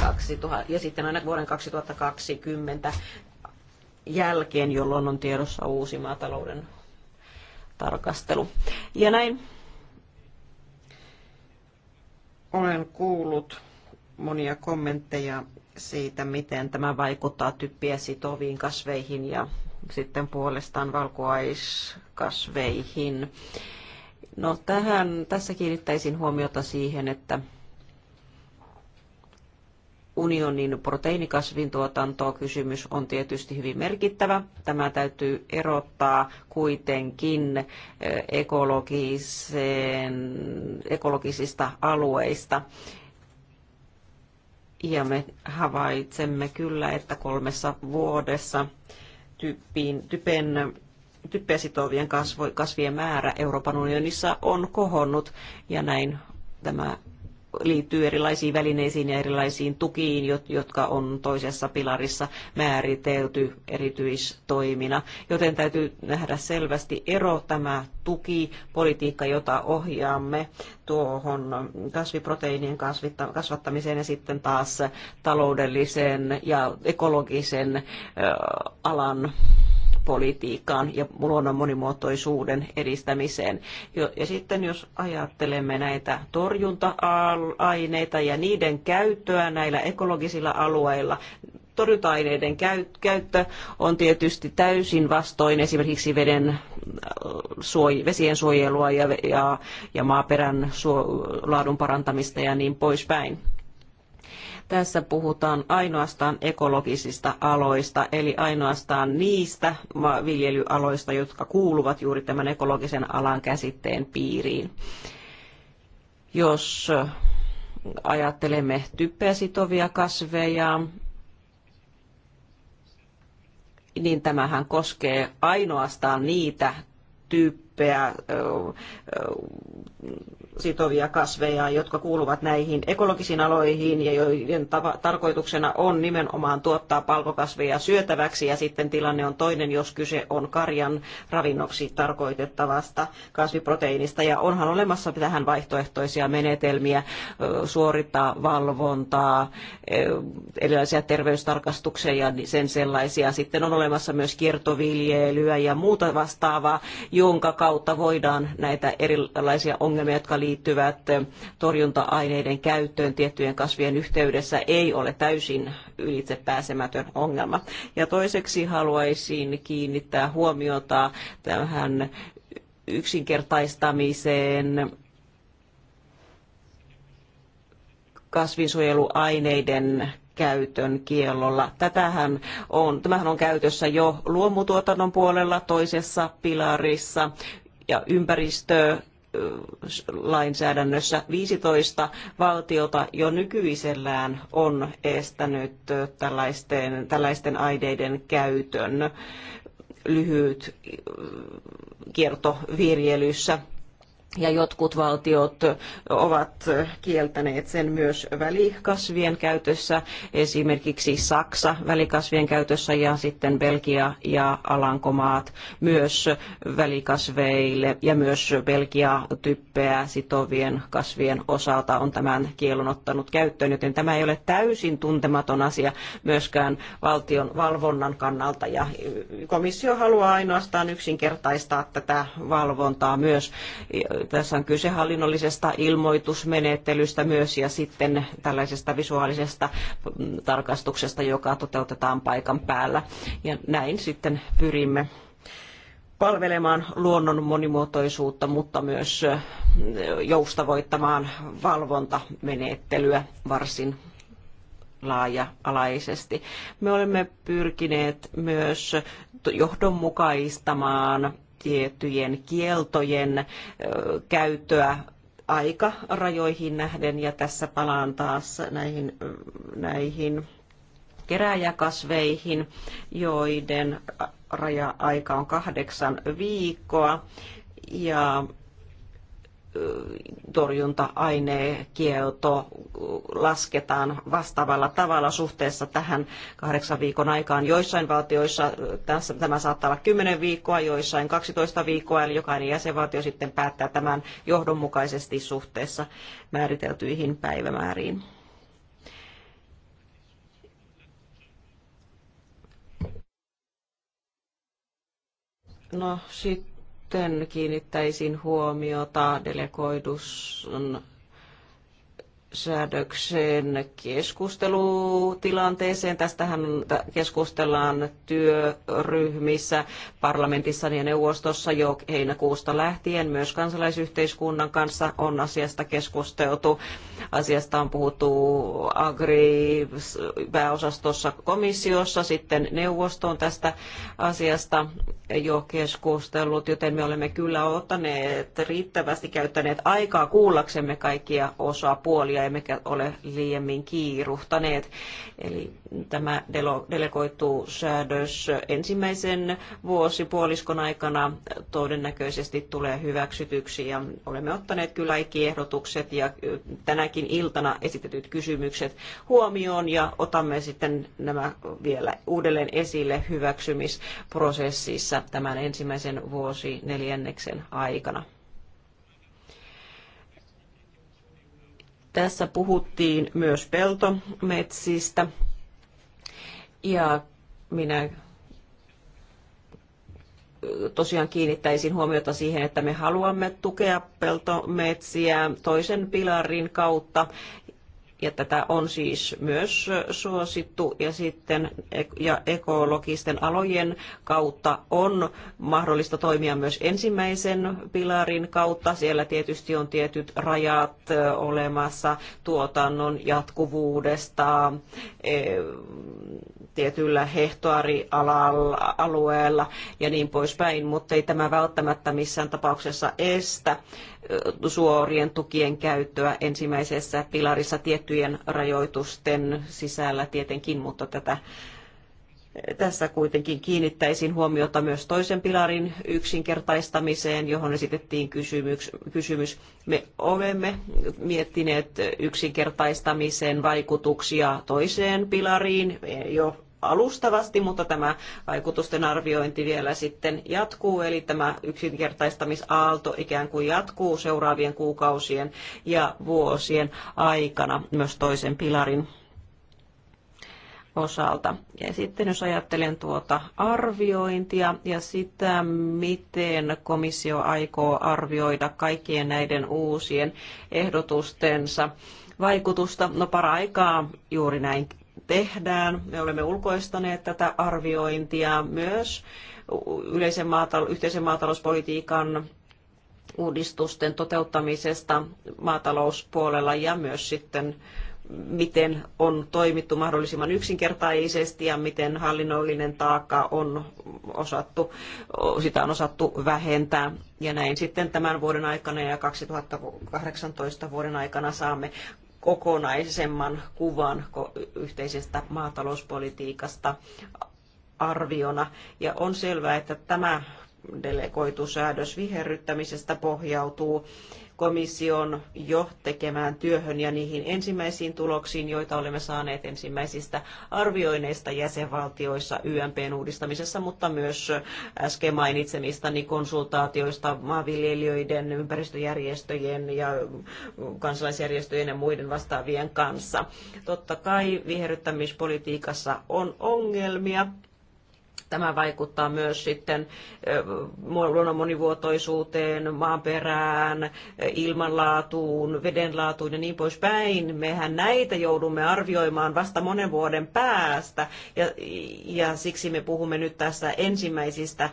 2000, ja sitten aina vuoden 2020 jälkeen, jolloin on tiedossa uusi maatalouden tarkastelu. Ja näin olen kuullut monia kommentteja siitä, miten tämä vaikuttaa typpiä sitoviin kasveihin ja sitten puolestaan valkuaiskasveihin. No tähän, tässä kiinnittäisin huomiota siihen, että unionin proteiinikasvintuotantokysymys on tietysti hyvin merkittävä. Tämä täytyy erottaa kuitenkin eh, ekologisista alueista. Ja me havaitsemme kyllä, että kolmessa vuodessa typpiin, typen typpeä sitovien kasvien määrä Euroopan unionissa on kohonnut ja näin tämä liittyy erilaisiin välineisiin ja erilaisiin tukiin, jotka on toisessa pilarissa määritelty erityistoimina. Joten täytyy nähdä selvästi ero tämä tukipolitiikka, jota ohjaamme tuohon kasviproteiinien kasvattamiseen ja sitten taas taloudellisen ja ekologisen alan politiikkaan ja luonnon monimuotoisuuden edistämiseen. Ja sitten jos ajattelemme näitä torjunta-aineita ja niiden käyttöä näillä ekologisilla alueilla, torjunta-aineiden käyttö on tietysti täysin vastoin esimerkiksi veden, äh, suoj, vesien suojelua ja, ja, ja maaperän suo, laadun parantamista ja niin poispäin. Tässä puhutaan ainoastaan ekologisista aloista, eli ainoastaan niistä viljelyaloista, jotka kuuluvat juuri tämän ekologisen alan käsitteen piiriin. Jos äh, ajattelemme typpeä sitovia kasveja, niin tämähän koskee ainoastaan niitä tyyppejä äh, äh, sitovia kasveja, jotka kuuluvat näihin ekologisiin aloihin ja joiden tarkoituksena on nimenomaan tuottaa palkokasveja syötäväksi ja sitten tilanne on toinen, jos kyse on karjan ravinnoksi tarkoitettavasta kasviproteiinista ja onhan olemassa tähän vaihtoehtoisia menetelmiä suorittaa valvontaa, erilaisia terveystarkastuksia ja sen sellaisia. Sitten on olemassa myös kiertoviljelyä ja muuta vastaavaa, jonka kautta voidaan näitä erilaisia ongelmia, jotka liittyvät torjunta-aineiden käyttöön tiettyjen kasvien yhteydessä ei ole täysin ylitsepääsemätön ongelma. Ja toiseksi haluaisin kiinnittää huomiota tähän yksinkertaistamiseen kasvinsuojeluaineiden käytön kiellolla. Tätähän on, tämähän on käytössä jo luomutuotannon puolella toisessa pilarissa ja ympäristö lainsäädännössä 15 valtiota jo nykyisellään on estänyt tällaisten, tällaisten aineiden käytön lyhyt äh, kiertoviljelyssä ja jotkut valtiot ovat kieltäneet sen myös välikasvien käytössä, esimerkiksi Saksa välikasvien käytössä ja sitten Belgia ja Alankomaat myös välikasveille ja myös Belgia typpeä sitovien kasvien osalta on tämän kielon ottanut käyttöön, joten tämä ei ole täysin tuntematon asia myöskään valtion valvonnan kannalta ja komissio haluaa ainoastaan yksinkertaistaa tätä valvontaa myös tässä on kyse hallinnollisesta ilmoitusmenettelystä myös ja sitten tällaisesta visuaalisesta tarkastuksesta, joka toteutetaan paikan päällä. Ja näin sitten pyrimme palvelemaan luonnon monimuotoisuutta, mutta myös joustavoittamaan valvontamenettelyä varsin laaja-alaisesti. Me olemme pyrkineet myös johdonmukaistamaan tiettyjen kieltojen käyttöä aikarajoihin nähden, ja tässä palaan taas näihin, näihin keräjäkasveihin, joiden raja-aika on kahdeksan viikkoa. Ja torjunta-ainekielto lasketaan vastaavalla tavalla suhteessa tähän kahdeksan viikon aikaan. Joissain valtioissa tässä, tämä saattaa olla kymmenen viikkoa, joissain 12 viikkoa, eli jokainen jäsenvaltio sitten päättää tämän johdonmukaisesti suhteessa määriteltyihin päivämääriin. No sitten sitten kiinnittäisin huomiota delegoidun säädöksen keskustelutilanteeseen. Tästähän keskustellaan työryhmissä parlamentissa ja neuvostossa jo heinäkuusta lähtien. Myös kansalaisyhteiskunnan kanssa on asiasta keskusteltu. Asiasta on puhuttu Agri-pääosastossa komissiossa, sitten neuvostoon tästä asiasta jo keskustellut, joten me olemme kyllä ottaneet riittävästi käyttäneet aikaa kuullaksemme kaikkia osapuolia emmekä ole liiemmin kiiruhtaneet. Eli tämä delegoitu säädös ensimmäisen vuosipuoliskon aikana todennäköisesti tulee hyväksytyksi ja olemme ottaneet kyllä kaikki ehdotukset ja tänäkin iltana esitetyt kysymykset huomioon ja otamme sitten nämä vielä uudelleen esille hyväksymisprosessissa tämän ensimmäisen vuosi neljänneksen aikana. Tässä puhuttiin myös peltometsistä ja minä äh, tosiaan kiinnittäisin huomiota siihen, että me haluamme tukea peltometsiä toisen pilarin kautta ja tätä on siis myös suosittu ja sitten ja ekologisten alojen kautta on mahdollista toimia myös ensimmäisen pilarin kautta. Siellä tietysti on tietyt rajat olemassa tuotannon jatkuvuudesta e, tietyllä hehtoarialueella ja niin poispäin, mutta ei tämä välttämättä missään tapauksessa estä suorien tukien käyttöä ensimmäisessä pilarissa tiettyjen rajoitusten sisällä tietenkin, mutta tätä tässä kuitenkin kiinnittäisin huomiota myös toisen pilarin yksinkertaistamiseen, johon esitettiin kysymys. kysymys. Me olemme miettineet yksinkertaistamisen vaikutuksia toiseen pilariin jo alustavasti, mutta tämä vaikutusten arviointi vielä sitten jatkuu, eli tämä yksinkertaistamisaalto ikään kuin jatkuu seuraavien kuukausien ja vuosien aikana myös toisen pilarin osalta. Ja sitten jos ajattelen tuota arviointia ja sitä, miten komissio aikoo arvioida kaikkien näiden uusien ehdotustensa vaikutusta, no paraikaa juuri näin tehdään. Me olemme ulkoistaneet tätä arviointia myös yleisen maatal- yhteisen maatalouspolitiikan uudistusten toteuttamisesta maatalouspuolella ja myös sitten miten on toimittu mahdollisimman yksinkertaisesti ja miten hallinnollinen taakka on osattu, sitä on osattu vähentää. Ja näin sitten tämän vuoden aikana ja 2018 vuoden aikana saamme kokonaisemman kuvan yhteisestä maatalouspolitiikasta arviona. Ja on selvää, että tämä delegoitu säädös viherryttämisestä pohjautuu komission jo tekemään työhön ja niihin ensimmäisiin tuloksiin, joita olemme saaneet ensimmäisistä arvioineista jäsenvaltioissa YMPn uudistamisessa, mutta myös äsken mainitsemistani konsultaatioista maanviljelijöiden, ympäristöjärjestöjen ja kansalaisjärjestöjen ja muiden vastaavien kanssa. Totta kai viherryttämispolitiikassa on ongelmia, Tämä vaikuttaa myös sitten luonnon monivuotoisuuteen, maanperään, ilmanlaatuun, vedenlaatuun ja niin poispäin. Mehän näitä joudumme arvioimaan vasta monen vuoden päästä ja, ja siksi me puhumme nyt tässä ensimmäisistä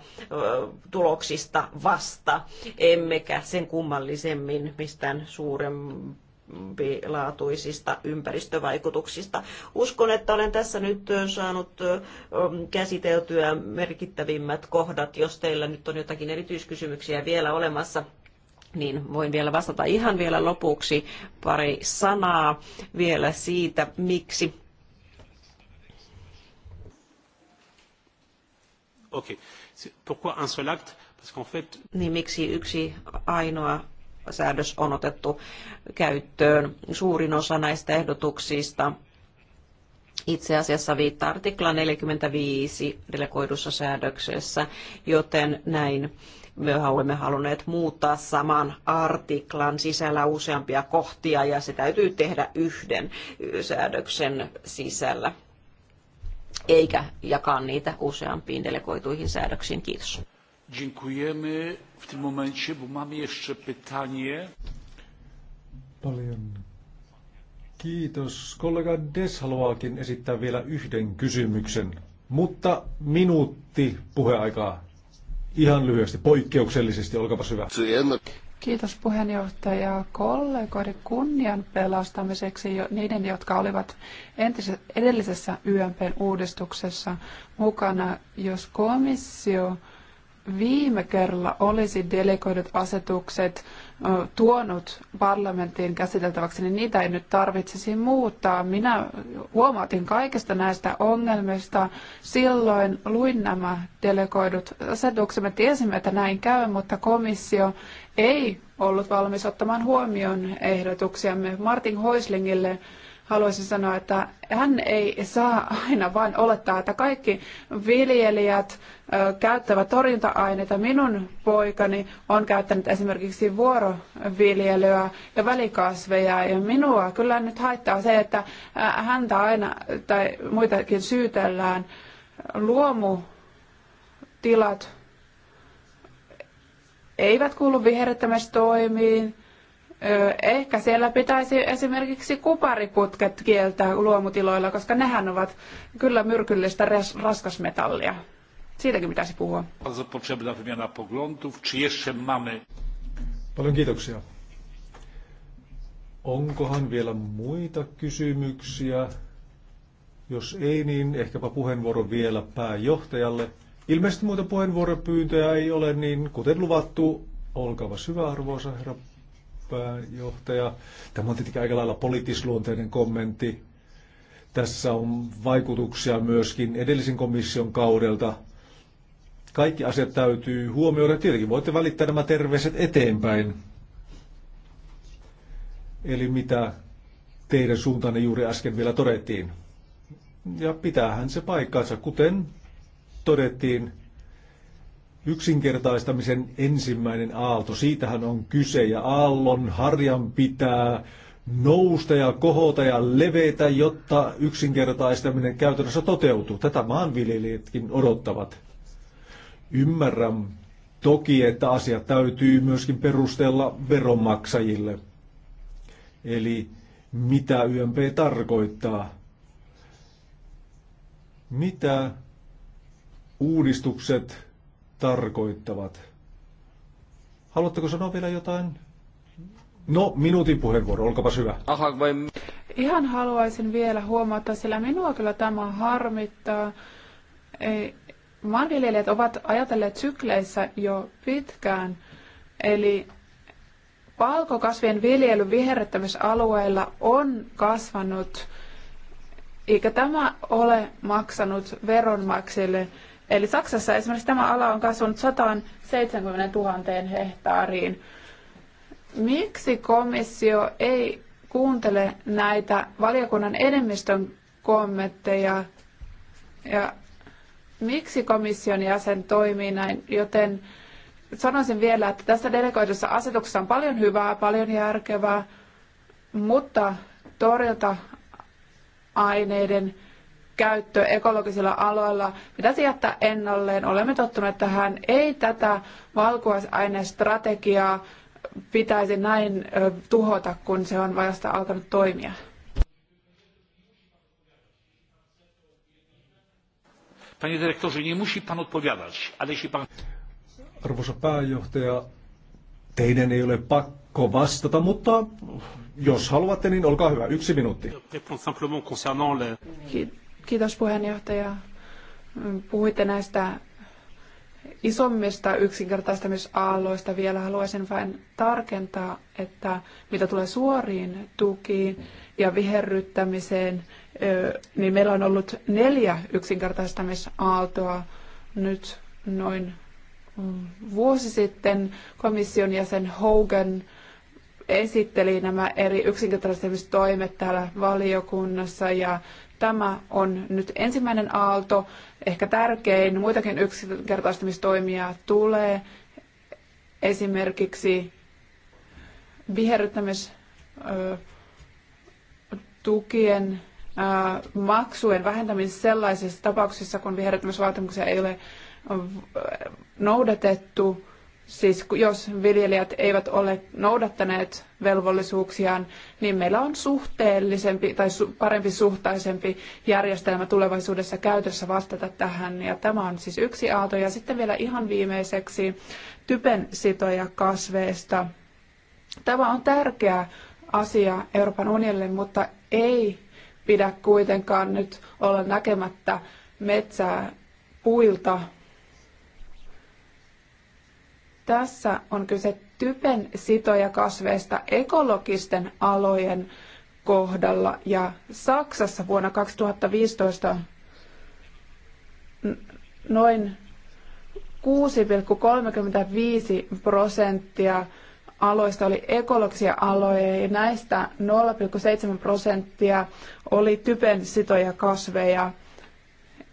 tuloksista vasta, emmekä sen kummallisemmin mistään suurempaa laatuisista ympäristövaikutuksista. Uskon, että olen tässä nyt saanut käsiteltyä merkittävimmät kohdat. Jos teillä nyt on jotakin erityiskysymyksiä vielä olemassa, niin voin vielä vastata ihan vielä lopuksi pari sanaa vielä siitä, miksi. Okay. Pourquoi un seul acte? Parce qu'en fait... Niin miksi yksi ainoa säädös on otettu käyttöön. Suurin osa näistä ehdotuksista itse asiassa viittaa artikla 45 delegoidussa säädöksessä, joten näin me olemme halunneet muuttaa saman artiklan sisällä useampia kohtia ja se täytyy tehdä yhden säädöksen sisällä eikä jakaa niitä useampiin delegoituihin säädöksiin. Kiitos. Dziękujemy w tym momencie, bo mamy jeszcze pytanie. Paljon kiitos. Kollega Des haluaakin esittää vielä yhden kysymyksen, mutta minuutti puheaikaa. Ihan lyhyesti, poikkeuksellisesti, olkapas hyvä. Kiitos puheenjohtaja kollegoiden kunnian pelastamiseksi jo, niiden, jotka olivat entisessä, edellisessä YMPn uudistuksessa mukana. Jos komissio viime kerralla olisi delegoidut asetukset tuonut parlamenttiin käsiteltäväksi, niin niitä ei nyt tarvitsisi muuttaa. Minä huomautin kaikista näistä ongelmista. Silloin luin nämä delegoidut asetukset. Me tiesimme, että näin käy, mutta komissio ei ollut valmis ottamaan huomioon ehdotuksiamme. Martin Hoislingille haluaisin sanoa, että hän ei saa aina vain olettaa, että kaikki viljelijät käyttävät torjunta-aineita. Minun poikani on käyttänyt esimerkiksi vuoroviljelyä ja välikasveja ja minua kyllä nyt haittaa se, että häntä aina tai muitakin syytellään. Luomutilat eivät kuulu viherryttämistoimiin Ehkä siellä pitäisi esimerkiksi kupariputket kieltää luomutiloilla, koska nehän ovat kyllä myrkyllistä raskasmetallia. Siitäkin pitäisi puhua. Paljon kiitoksia. Onkohan vielä muita kysymyksiä? Jos ei, niin ehkäpä puheenvuoro vielä pääjohtajalle. Ilmeisesti muita puheenvuoropyyntöjä ei ole, niin kuten luvattu, olkaa hyvä arvoisa herra pääjohtaja. Tämä on tietenkin aika lailla poliittisluonteinen kommentti. Tässä on vaikutuksia myöskin edellisen komission kaudelta. Kaikki asiat täytyy huomioida. Tietenkin voitte välittää nämä terveiset eteenpäin. Eli mitä teidän suuntanne juuri äsken vielä todettiin. Ja pitäähän se paikkaansa, kuten todettiin, Yksinkertaistamisen ensimmäinen aalto, siitähän on kyse ja aallon harjan pitää nousta ja kohota ja levetä, jotta yksinkertaistaminen käytännössä toteutuu. Tätä maanviljelijätkin odottavat. Ymmärrän toki, että asia täytyy myöskin perustella veronmaksajille. Eli mitä YMP tarkoittaa? Mitä uudistukset tarkoittavat. Haluatteko sanoa vielä jotain? No, minuutin puheenvuoro, olkapas hyvä. Ihan haluaisin vielä huomata, sillä minua kyllä tämä harmittaa. Ei, maanviljelijät ovat ajatelleet sykleissä jo pitkään, eli palkokasvien viljely viherrettämisalueilla on kasvanut, eikä tämä ole maksanut veronmaksille. Eli Saksassa esimerkiksi tämä ala on kasvanut 170 000 hehtaariin. Miksi komissio ei kuuntele näitä valiokunnan enemmistön kommentteja ja miksi komission jäsen toimii näin, joten sanoisin vielä, että tässä delegoidussa asetuksessa on paljon hyvää, paljon järkevää, mutta torjunta-aineiden käyttö ekologisilla aloilla pitäisi jättää ennalleen. Olemme tottuneet tähän. Ei tätä valkuaisainestrategiaa pitäisi näin tuhota, kun se on vasta alkanut toimia. Panie dyrektorze, nie musi pan odpowiadać, ale jeśli pan... Arvoisa pääjohtaja, teidän ei ole pakko vastata, mutta jos haluatte, niin olkaa hyvä. Yksi minuutti. Kiitos. Kiitos puheenjohtaja. Puhuitte näistä isommista yksinkertaistamisaalloista vielä haluaisin vain tarkentaa, että mitä tulee suoriin tukiin ja viherryttämiseen, niin meillä on ollut neljä yksinkertaistamisaaltoa nyt noin vuosi sitten. Komission jäsen Hogan esitteli nämä eri yksinkertaistamistoimet täällä valiokunnassa ja Tämä on nyt ensimmäinen aalto, ehkä tärkein. Muitakin yksinkertaistamistoimia tulee, esimerkiksi viherryttämistukien maksujen vähentämisessä sellaisissa tapauksissa, kun viherryttämisvaatimuksia ei ole noudatettu. Siis jos viljelijät eivät ole noudattaneet velvollisuuksiaan, niin meillä on suhteellisempi tai parempi suhtaisempi järjestelmä tulevaisuudessa käytössä vastata tähän. Ja tämä on siis yksi aalto. Ja sitten vielä ihan viimeiseksi typen sitoja kasveista. Tämä on tärkeä asia Euroopan unionille, mutta ei pidä kuitenkaan nyt olla näkemättä metsää puilta, tässä on kyse typen sitojakasveista ekologisten alojen kohdalla ja Saksassa vuonna 2015 noin 6,35 prosenttia aloista oli ekologisia aloja ja näistä 0,7 prosenttia oli typen sitoja kasveja.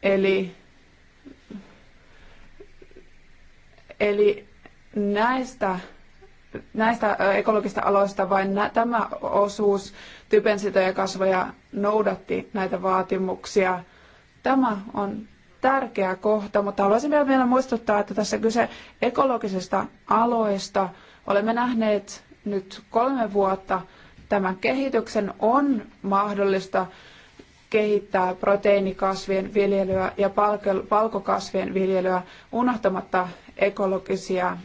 Eli, eli näistä näistä ekologista aloista vain tämä osuus typensitoja kasvoja noudatti näitä vaatimuksia. Tämä on tärkeä kohta, mutta haluaisin vielä muistuttaa, että tässä kyse ekologisista aloista. Olemme nähneet nyt kolme vuotta tämän kehityksen on mahdollista kehittää proteiinikasvien viljelyä ja palkokasvien viljelyä unohtamatta ekologisia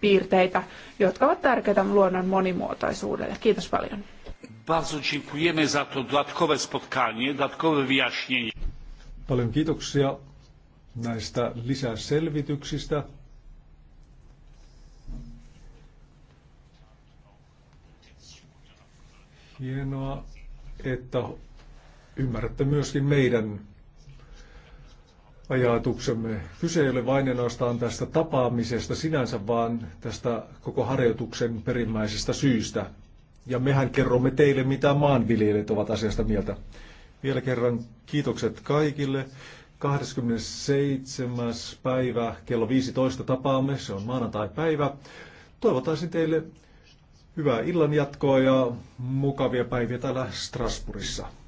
piirteitä, jotka ovat tärkeitä luonnon monimuotoisuudelle. Kiitos paljon. Bardzo dziękujemy za to dodatkowe spotkanie, dodatkowe wyjaśnienie. Paljon kiitoksia näistä lisäselvityksistä. Hienoa, että ymmärrätte myöskin meidän ajatuksemme. Kyse ei ole vain ainoastaan tästä tapaamisesta sinänsä, vaan tästä koko harjoituksen perimmäisestä syystä. Ja mehän kerromme teille, mitä maanviljelijät ovat asiasta mieltä. Vielä kerran kiitokset kaikille. 27. päivä kello 15 tapaamme, se on maanantai-päivä. Toivotaisin teille hyvää illan jatkoa ja mukavia päiviä täällä Strasbourgissa.